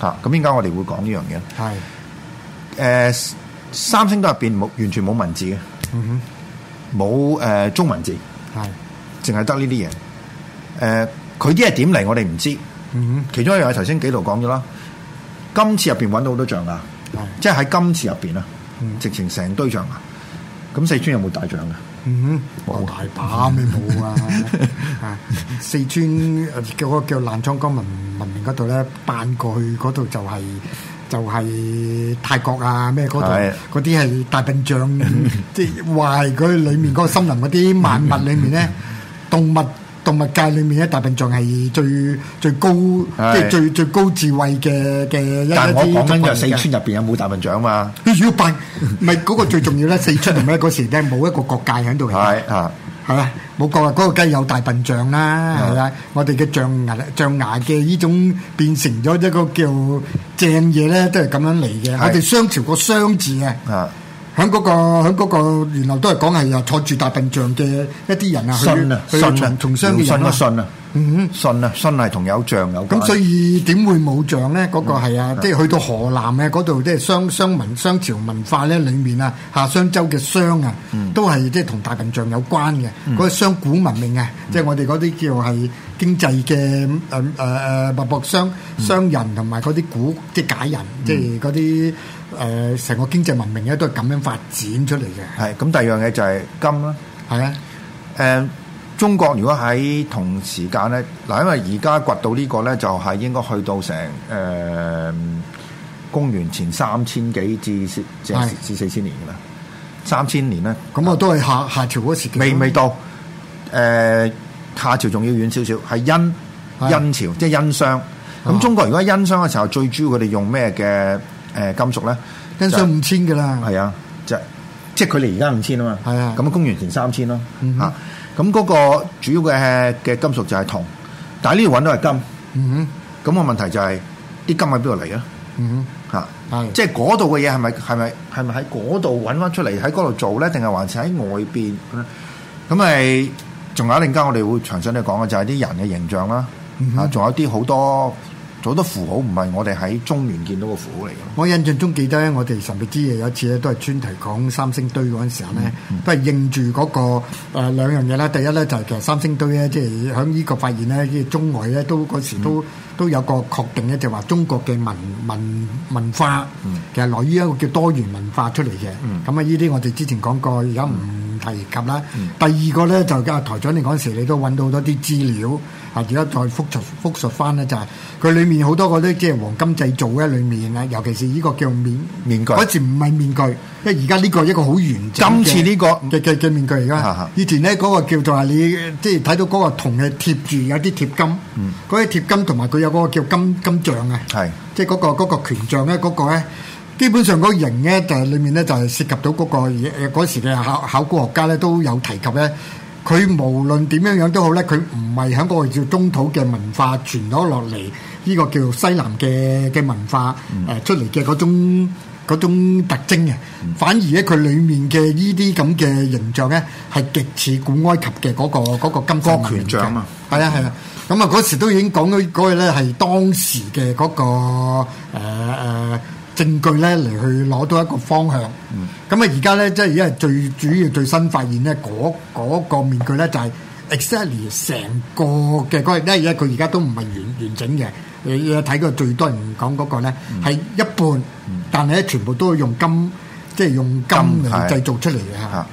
吓，咁點解我哋會講呢樣嘢。係是，誒、呃，三星堆入邊冇完全冇文字嘅，冇誒、嗯哼呃、中文字，係是，淨係得呢啲嘢。誒、呃，佢啲係點嚟？我哋唔知。其中一樣係頭先幾度講咗啦。今次入邊搵到好多象噶，是即係喺今次入邊、嗯、哼直情成堆象啊。咁四川有冇大象嘅？嗯，大把咩冇啊？ 四川叫個叫，叫南莊江文文明度咧，搬過去度就係、是、就係、是、泰國啊咩度，啲係的大笨象，即係話佢裏面嗰個森林啲萬物裏面咧， 動物。動物界裏面咧，大笨象係最最高即係的最最高智慧嘅嘅，但係我講緊就四川入邊有冇大笨象啊嘛？要笨，唔係嗰個最重要咧。 四川嚟咩，嗰時咧，冇一個國界喺度嘅，係啊的，係啦的，冇國啊，嗰、那個梗係有大笨象啦，係啦，的的我哋嘅象牙象牙嘅呢種變成咗一個叫正嘢咧，都係咁樣嚟嘅。的我哋商朝個商字啊。喺嗰、那個喺嗰個原來都係講係又坐住大笨象嘅一啲人啊去去同同商商人啊，信啊，嗯哼，信啊，信係同有象有關。咁、嗯、所以點會冇象呢？嗰、那個係啊，嗯、即係去到河南啊嗰度，即係商商文商朝文化咧裏面啊，夏商周嘅商啊，都係即係同大笨象有關嘅。嗰、嗯、個商古文明啊，即係我哋嗰啲叫係經濟嘅誒誒誒，伯伯商商人同埋嗰啲古即係解人，嗯、即係嗰啲。誒成、呃、個經濟文明咧都係咁樣發展出嚟嘅。係、嗯，咁第二樣嘢就係金啦。係啊的，誒、呃、中國如果喺同時間咧，嗱、呃、因為而家掘到呢個咧，就係應該去到成誒、呃、公元前三千幾至至至的四,四,四,四,四千年㗎啦，三千年啦。咁啊都係夏夏朝嗰時未未到，誒、呃、夏朝仲要遠少少，係殷殷朝，即係殷商。咁、嗯、中國如果殷商嘅時候，哦、最主要佢哋用咩嘅？誒，金屬咧，跟上五千噶啦，係啊，即係即係距離而家五千啊嘛，係啊，咁公元前三千咯，吓，咁嗰個主要嘅嘅金屬就係銅，但係呢度揾到係金，嗯，咁個問題就係啲金喺邊度嚟啊？嗯，吓，係，即係嗰度嘅嘢係咪係咪係咪喺嗰度揾翻出嚟喺嗰度做咧，定係還是喺外邊咁啊？咁係仲有一陣間我哋會詳細啲講嘅就係啲人嘅形象啦，吓，仲有啲好多。做得符號唔係我哋喺中原見到個符號嚟嘅。我印象中記得咧，我哋神秘之夜有一次咧，都係專題講三星堆嗰陣時候咧，嗯嗯、都係認住嗰、那個誒兩、呃、樣嘢咧。第一咧就係、是、其實三星堆咧，即係喺呢個發現咧，即係中外咧都嗰時、嗯、都都有個確定咧，就話、是、中國嘅文文文化、嗯、其實來於一個叫多元文化出嚟嘅。咁啊、嗯，呢啲我哋之前講過，而家唔提及啦，第二個咧就阿台長，你嗰時你都揾到多啲資料，啊而家再復述返述翻咧就係、是、佢裏面好多個即係黃金製造咧，裏面啊，尤其是呢個叫面面具，好似唔係面具，即而家呢個一個好完整今次呢、這個嘅嘅嘅面具而家，是是以前咧嗰個叫做你即係睇到嗰個銅嘅貼住有啲貼金，嗰啲、嗯、貼金同埋佢有嗰個叫金金像啊，是 即係、那、嗰、個那個拳個呢，杖咧嗰個咧。基本上個形咧，就係裏面咧，就係涉及到嗰個嗰時嘅考古學家咧，都有提及咧。佢無論點樣樣都好咧，佢唔係喺嗰個叫中土嘅文化傳咗落嚟呢個叫西南嘅嘅文化誒出嚟嘅嗰種特徵嘅，嗯、反而咧佢裏面嘅呢啲咁嘅形象咧係極似古埃及嘅嗰個嗰個金光權杖啊嘛，係啊係啊。咁啊嗰、啊嗯、時都已經講咗嗰個咧係當時嘅嗰個誒、呃呃證據咧嚟去攞到一個方向，咁啊而家咧即係而家最主要最新發現咧，嗰、嗰個面具咧就係 exactly 成個嘅嗰，咧而家佢而家都唔係完完整嘅，你睇嗰個最多人講嗰個咧係一半，嗯嗯、但係咧全部都用金，即係用金嚟製作出嚟嘅嚇。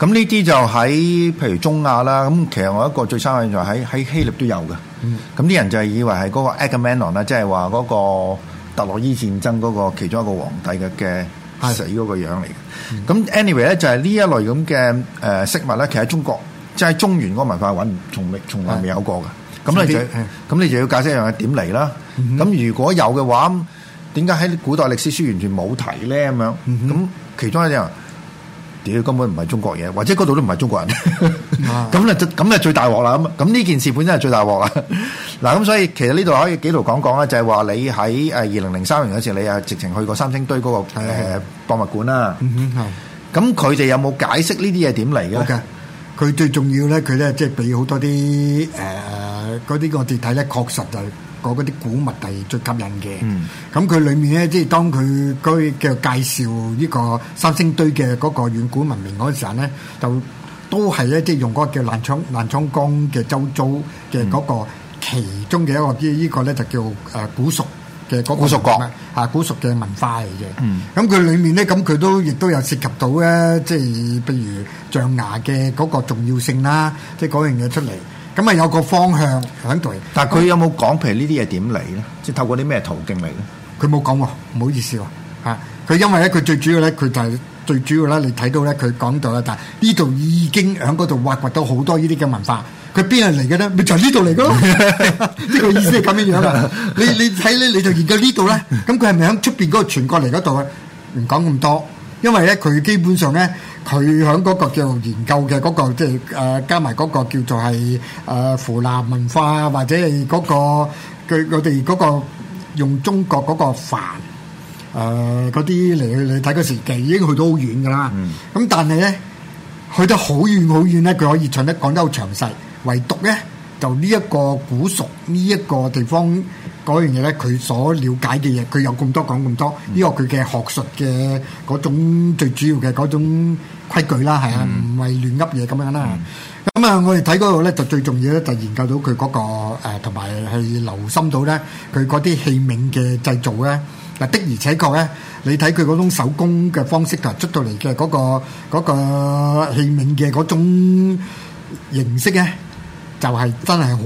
咁呢啲就喺譬如中亞啦，咁其實我一個最生猛就喺喺希臘都有嘅，咁啲、嗯、人就係以為係嗰個 Agamemnon 啦，即係話嗰個。特洛伊戰爭嗰個其中一個皇帝嘅嘅死嗰個樣嚟嘅，咁的 anyway 咧就係呢一類咁嘅誒飾物咧，其實喺中國即係、就是、中原嗰個文化揾從未從來未有過嘅，咁的你就咁的你就要解釋一樣嘢點嚟啦。咁、嗯、哼如果有嘅話，點解喺古代歷史書完全冇提咧？咁樣，咁其中一樣。屌根本唔係中國嘢，或者嗰度都唔係中國人，咁咧咁就最大鑊啦咁，咁呢件事本身係最大鑊啦。嗱 咁所以其實呢度可以幾度講講啦，就係、是、話你喺誒二零零三年嗰時，你啊直情去過三星堆嗰、那個的博物館啦。咁佢哋有冇解釋呢啲嘢點嚟嘅？佢、okay. 最重要咧，佢咧即係俾好多啲誒嗰啲我哋睇咧，確實就係。嗰啲古物係最吸引嘅，咁佢、嗯、裏面咧，即係當佢佢嘅介紹呢個三星堆嘅嗰個遠古文明嗰個時候咧，就都係咧，即係用嗰個叫南充南充江嘅周遭嘅嗰個其中嘅一個，呢、這、呢個咧就叫誒古蜀嘅古蜀國啊，古蜀嘅文化嚟嘅。咁佢、嗯、裏面咧，咁佢都亦都有涉及到咧，即係譬如象牙嘅嗰個重要性啦，即係嗰樣嘢出嚟。咁咪有個方向喺度，但係佢有冇講譬如呢啲嘢點嚟咧？即係透過啲咩途徑嚟咧？佢冇講喎，唔好意思喎、啊。佢、啊、因為咧，佢最主要咧，佢就係、是、最主要啦。你睇到咧，佢講到咧，但係呢度已經喺嗰度挖掘到好多呢啲嘅文化。佢邊度嚟嘅咧？咪就係呢度嚟咯。呢個 意思係咁樣樣啊！你你睇咧，你就研究呢度啦。咁佢係咪喺出邊嗰個傳過嚟嗰度咧？唔講咁多，因為咧，佢基本上咧。佢喺嗰個叫做研究嘅嗰個，即係誒加埋嗰個叫做係誒湖南文化，或者係嗰個佢我哋嗰個用中國嗰個飯誒嗰啲嚟去嚟睇嗰時期已經去到好遠㗎啦。咁但係咧，去得好遠好遠咧，佢可以唱得講得好詳細，唯獨咧。就呢一個古蜀呢一個地方嗰樣嘢咧，佢所了解嘅嘢，佢有咁多講咁多，呢個佢嘅學術嘅嗰種最主要嘅嗰種規矩啦，係啊，唔係亂噏嘢咁樣啦。咁啊、嗯，我哋睇嗰度咧，就最重要咧，就研究到佢嗰個、誒同埋係留心到咧，佢嗰啲器皿嘅製造咧，嗱的而且確咧，你睇佢嗰種手工嘅方式就出到嚟嘅嗰個器皿嘅嗰種形式咧。就係真係好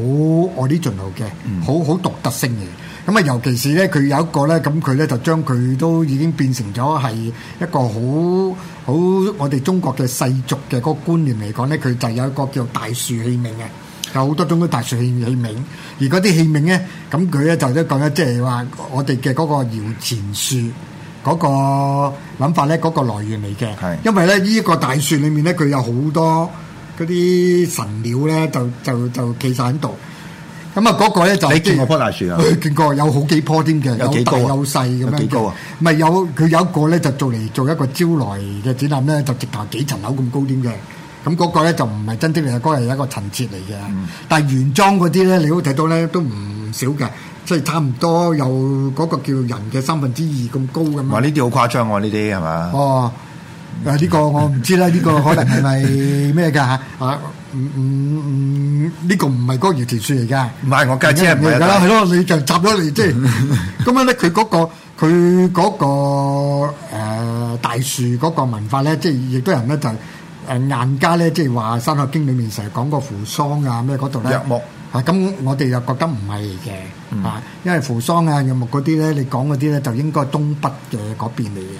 我啲進路嘅，好好獨特性嘅。咁啊，尤其是呢，佢有一個呢，咁佢呢，就將佢都已經變成咗係一個好好我哋中國嘅世俗嘅嗰個觀念嚟講呢，佢就有一個叫大樹器皿嘅，有好多種嘅大樹器皿。而嗰啲器皿呢，咁佢呢，就一個咧，即係話我哋嘅嗰個搖錢樹嗰個諗法呢，嗰、嗰個來源嚟嘅。是的 係因為呢，呢個大樹裏面呢，佢有好多。嗰啲神鳥咧，就就就企晒喺度。咁、那、啊、個，嗰個咧就你見過棵大樹啊？見過有好幾棵添嘅，有，幾個有大有細咁樣。有幾高啊？唔係有佢有一個咧，就做嚟做一個招來嘅展覽咧，就直頭幾層樓咁高添嘅。咁、那、嗰個咧就唔係真正嘅嗰、那個係一個陳設嚟嘅。嗯、但係原裝嗰啲咧，你好睇到咧都唔少嘅，即係差唔多有嗰個叫人嘅三分之二咁高咁。哇！呢啲好誇張喎、啊，呢啲係嘛？哦。誒，呢、 啊這個我唔知啦，呢、這個可能係咪咩噶吓？啊，唔唔唔，呢、嗯這個唔係嗰條樹嚟噶。唔係我家姐唔係噶啦，係咯，你，你 就集咗嚟即係。咁樣咧，佢嗰、那個佢嗰個誒大樹嗰個文化咧，即係亦都有人咧，就誒、是就是呃、硬家咧，即係話《山海經》裏面成日講個扶桑啊咩嗰度咧。若木咁我哋又覺得唔係嘅，啊，因為扶桑啊、若木嗰啲咧，你講嗰啲咧就應該東北嘅嗰邊嚟嘅，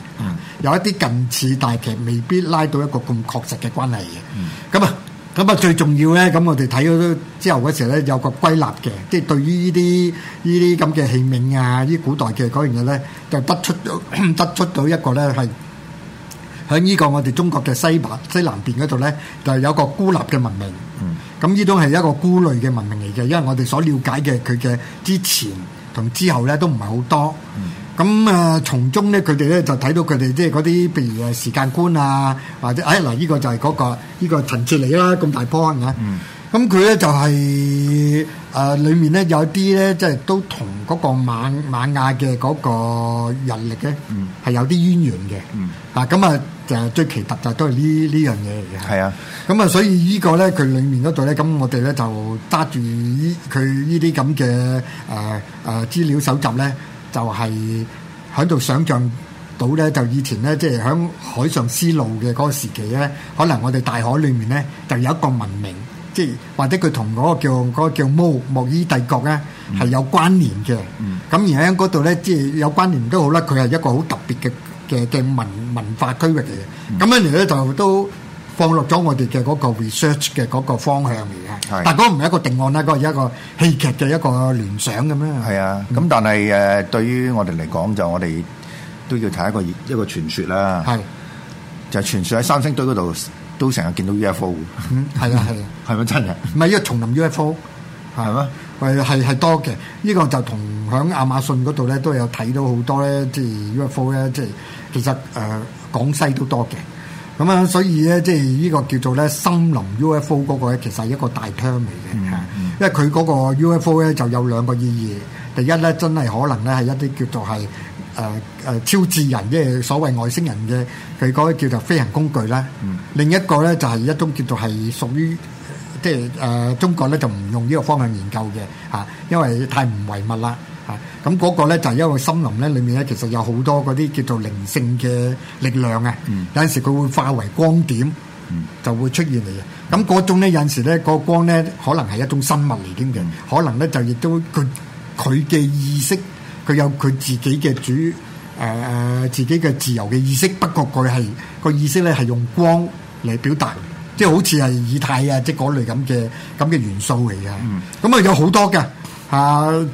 有一啲近似大劇，未必拉到一個咁確實嘅關係嘅。咁啊，咁啊最重要咧，咁我哋睇咗之後嗰時咧有個歸納嘅，即係對於呢啲呢啲咁嘅器皿啊、呢啲古代嘅嗰樣嘢咧，就得出得出到一個咧係喺呢個我哋中國嘅西、西南邊嗰度咧，就有一個孤立嘅文明。咁呢種係一個孤類嘅文明嚟嘅，因為我哋所了解嘅佢嘅之前同之後咧都唔係好多。咁啊、嗯，從中咧佢哋咧就睇到佢哋即係嗰啲，譬如誒時間觀啊，或者哎嗱，呢、呢個就係嗰、嗰個呢、呢個陳哲理啦，咁大坡咁佢咧就係、是、誒，裏、呃、面咧有啲咧，即係都同嗰個馬馬雅嘅嗰個人力咧，係、嗯、有啲淵源嘅。嗯。啊，咁啊，就係最奇特就都係呢呢樣嘢嚟嘅。係啊。咁啊，所以呢個呢個咧，佢裏面嗰度咧，咁我哋咧就揸住呢佢呢啲咁嘅誒誒資料搜集咧，就係喺度想象到咧，就以前咧，即係喺海上絲路嘅嗰個時期咧，可能我哋大海裏面咧就有一個文明。即係或者佢同嗰個叫嗰個叫穆莫伊帝國咧係有關聯嘅，咁而喺嗰度咧即係有關聯都好啦，佢係一個好特別嘅嘅嘅文文化區域嚟嘅，咁樣嚟咧就都放落咗我哋嘅嗰個 research 嘅嗰個方向嚟嘅，但係嗰唔係一個定案啦，嗰係一個戲劇嘅一個聯想咁樣。係啊，咁但係誒，對於我哋嚟講就我哋都要睇一個一個傳説啦，就傳説喺三星堆嗰度。都成日見到 UFO，嗯，係啊係啊，係咪、啊、 真係？唔係，依個叢林 UFO，係咩嗎？誒係係多嘅，呢、這個就同響亞馬遜嗰度咧都有睇到好多咧，即、就、係、是、UFO 咧，即係其實誒廣、呃、西都多嘅，咁樣，所以咧即係呢個叫做咧森林 UFO 嗰個咧，其實係一個大 term 嚟嘅，因為佢嗰個 UFO 咧就有兩個意義，第一咧真係可能咧係一啲叫做係。誒誒超智人，即係所謂外星人嘅，佢嗰個叫做飛行工具啦，另一個咧就係一種叫做係屬於，即係誒中國咧就唔用呢個方向研究嘅嚇，因為太唔為物啦嚇。咁嗰個咧就係因為森林咧裏面咧其實有好多嗰啲叫做靈性嘅力量啊，有陣時佢會化為光點，就會出現嚟嘅。咁嗰種咧有陣時咧個光咧可能係一種生物嚟嘅，可能咧就亦都佢佢嘅意識。佢有佢自己嘅主，誒、呃、自己嘅自由嘅意識，不過佢係個意識咧係用光嚟表達，即係好似係以太、嗯、啊，即係嗰類咁嘅咁嘅元素嚟嘅。咁啊有好多嘅，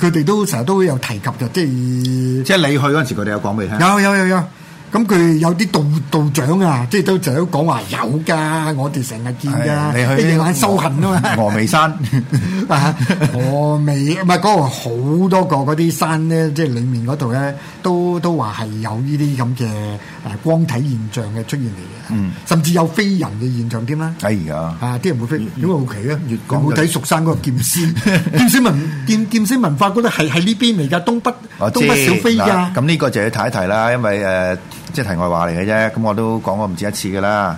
佢哋都成日都有提及嘅，即係即係你去嗰陣時，佢哋有講未？有有有有。有。咁佢有啲道道長啊，即係都成日都講話有㗎，我哋成日見㗎、哎。你哋去修行啊嘛？峨眉山峨眉唔係嗰度，好、啊啊嗰個、多個嗰啲山咧，即係裡面嗰度咧，都都話係有呢啲咁嘅誒光體現象嘅出現嚟嘅。嗯、甚至有飛人嘅現象添啦。誒而家啊，啲人冇飛點解好奇咧？越過睇蜀山嗰個劍仙，嗯、劍仙文劍劍仙文化嗰度係喺呢邊嚟㗎，東北東北小飛㗎。咁呢個就要睇一睇啦，因為誒。呃即係題外話嚟嘅啫，咁我都講過唔止一次嘅啦。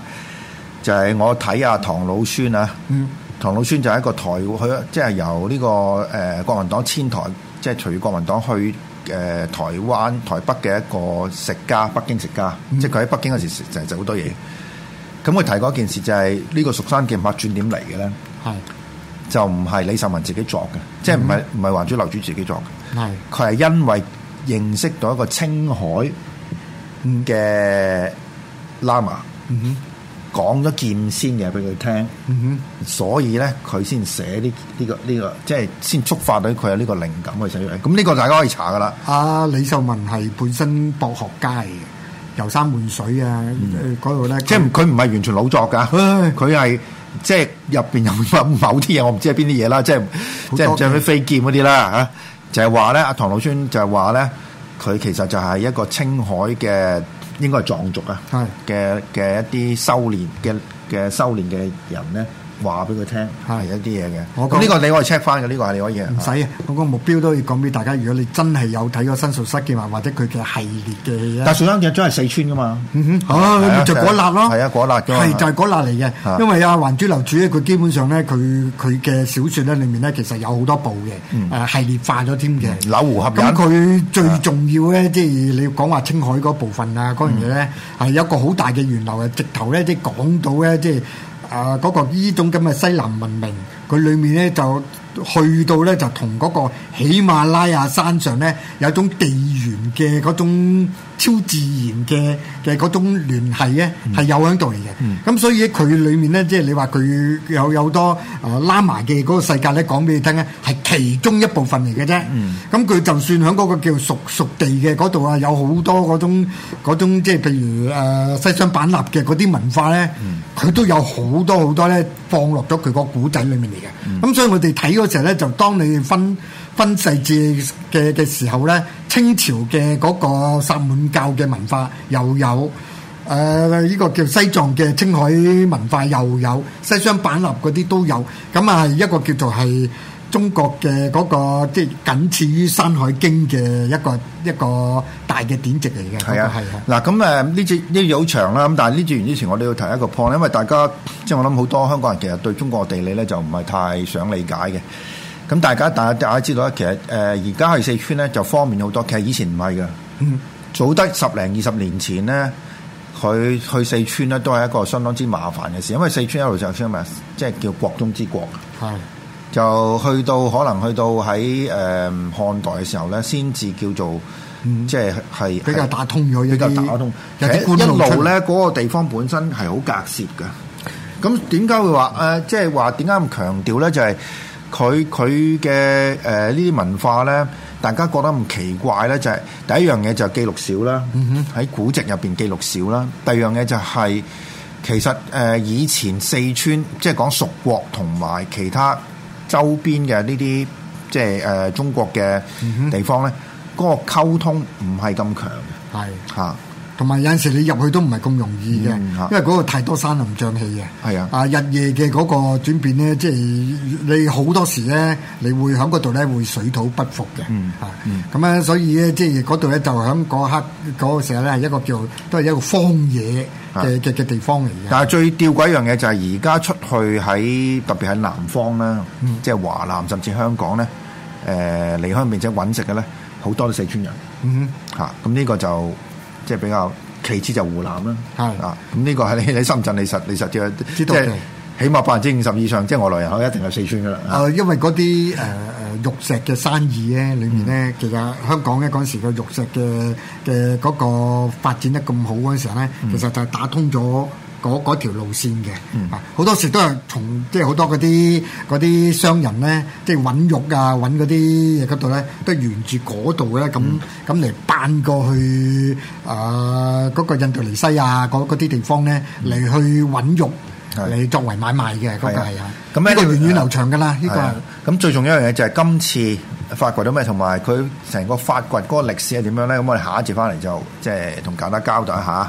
就係、是、我睇下唐老孫啊，嗯、唐老孫就係一個台，佢即係由呢個誒國民黨遷台，即係隨國民黨去誒台灣台北嘅一個食家，北京食家，即係佢喺北京嗰時食就就是、好多嘢。咁佢提過一件事、就是，就係呢個《蜀山劍俠傳》點嚟嘅咧？係就唔係李壽民自己作嘅，即係唔係唔係還珠樓主自己作嘅？係佢係因為認識到一個青海。嘅喇嘛講咗劍仙嘢俾佢聽，嗯、哼所以咧佢先寫呢、這、呢個呢、這個、這個、即係先觸發到佢有呢個靈感去寫嚟，咁呢個大家可以查噶啦。阿、啊、李秀文係本身博學家嘅，遊山玩水啊，嗰度咧，呃、呢即係佢唔係完全老作噶，佢、哎、係即係入邊有某啲嘢，我唔知係邊啲嘢啦，即係即係唔著啲飛劍嗰啲啦就係話咧，阿唐老孫就係話咧。佢其實就係一個青海嘅，應該係藏族啊，嘅嘅是一啲修煉嘅嘅修煉嘅人咧。話俾佢聽，係有一啲嘢嘅。咁呢個你可以 check 翻嘅，呢個係你可以。唔使啊，我個目標都要講俾大家。如果你真係有睇《過新蜀山劍俠》，或者佢嘅系列嘅，但蜀山嘅真係四川㗎嘛？哼，就果辣咯，係啊，果辣嘅，係就係果辣嚟嘅。因為啊，還珠樓主咧，佢基本上咧，佢佢嘅小說咧，裡面咧，其實有好多部嘅，誒系列化咗添嘅。柳湖合忍，咁佢最重要咧，即係你講話青海嗰部分啊，嗰樣嘢咧，係有一個好大嘅源流，啊。直頭咧，即係講到咧，即係。啊！嗰、那個呢種咁嘅西南文明，佢裏面咧就～去到咧就同嗰個喜馬拉雅山上咧有一種地緣嘅嗰種超自然嘅嘅嗰種聯繫咧係、嗯、有喺度嚟嘅，咁、嗯、所以佢裏面咧即係你話佢有有多、啊、喇嘛嘅嗰個世界咧講俾你聽咧係其中一部分嚟嘅啫，咁佢、嗯、就算喺嗰個叫熟熟地嘅嗰度啊有好多嗰種嗰種即係譬如誒西雙版納嘅嗰啲文化咧，佢、嗯、都有好多好多咧放落咗佢個古仔裏面嚟嘅，咁、嗯嗯、所以我哋睇。嗰時咧就當你分分細節嘅嘅時候咧，清朝嘅嗰個薩滿教嘅文化又有，誒、呃、呢、呢個叫西藏嘅青海文化又有，西雙版納嗰啲都有，咁啊一個叫做係。中國嘅嗰、那個即係僅次於《山海經》嘅一個一個大嘅典籍嚟嘅。係啊，係啊。嗱咁誒呢段呢好長啦，咁但係呢段完之前，我哋要提一個 point，因為大家即係我諗好多香港人其實對中國地理咧就唔係太想理解嘅。咁大家大家大家知道咧，其實誒而家去四川咧就方便好多，其實以前唔係㗎。嗯、早得十零二十年前咧，佢去，去四川咧都係一個相當之麻煩嘅事，因為四川一路就係咩即係叫國中之國。係。就去到可能去到喺誒、呃、漢代嘅時候咧，先至叫做、嗯、即係比較打通咗一比較打通。路一路咧嗰、那個地方本身係好隔涉嘅。咁點解會話即係話點解咁強調咧？就係佢佢嘅呢啲文化咧，大家覺得唔奇怪咧，就係、是、第一樣嘢就記錄少啦。喺古籍入面記錄少啦。第二樣嘢就係、是、其實、呃、以前四川即係講蜀國同埋其他。周邊嘅呢啲即係誒、呃、中國嘅地方咧，嗰、嗯、哼個溝通唔係咁強嘅，係嚇的。啊。同埋有陣時你入去都唔係咁容易嘅，嗯、因為嗰度太多山林瘴氣嘅。係的啊，啊日夜嘅嗰個轉變咧，即、就、係、是、你好多時咧，你會喺嗰度咧會水土不服嘅。嚇、嗯，咁、嗯、啊，所以咧，即係嗰度咧就喺、是、嗰刻嗰個時候咧係一個叫都係一個荒野嘅嘅嘅地方嚟嘅。但係最吊詭一樣嘢就係而家出去喺特別喺南方啦，嗯、即係華南甚至香港咧，誒、呃、離鄉面且揾食嘅咧好多都四川人。嗯哼，咁呢、啊、個就。即係比較其次就湖南啦，啊，咁呢個係你喺深圳你實你實，你實即係即係起碼百分之五十以上，即係外來人口一定係四川㗎喇。啊、呃，因為嗰啲誒誒玉石嘅生意咧，裏面咧其實香港咧嗰陣時個玉石嘅嘅嗰個發展得咁好嗰陣時咧，嗯、其實就打通咗。嗰嗰條路線嘅，好多時都係從即係好多嗰啲嗰啲商人咧，即係揾玉啊，揾嗰啲嘢嗰度咧，都沿住嗰度咧咁咁嚟搬過去啊嗰個印度尼西亞嗰嗰啲地方咧，嚟去揾玉，嚟作為買賣嘅嗰個係啊，咁咧就源遠流長噶啦，呢個咁最重要一樣嘢就係今次發掘到咩，同埋佢成個發掘嗰個歷史係點樣咧？咁我哋下一節翻嚟就即係同簡單交代一下。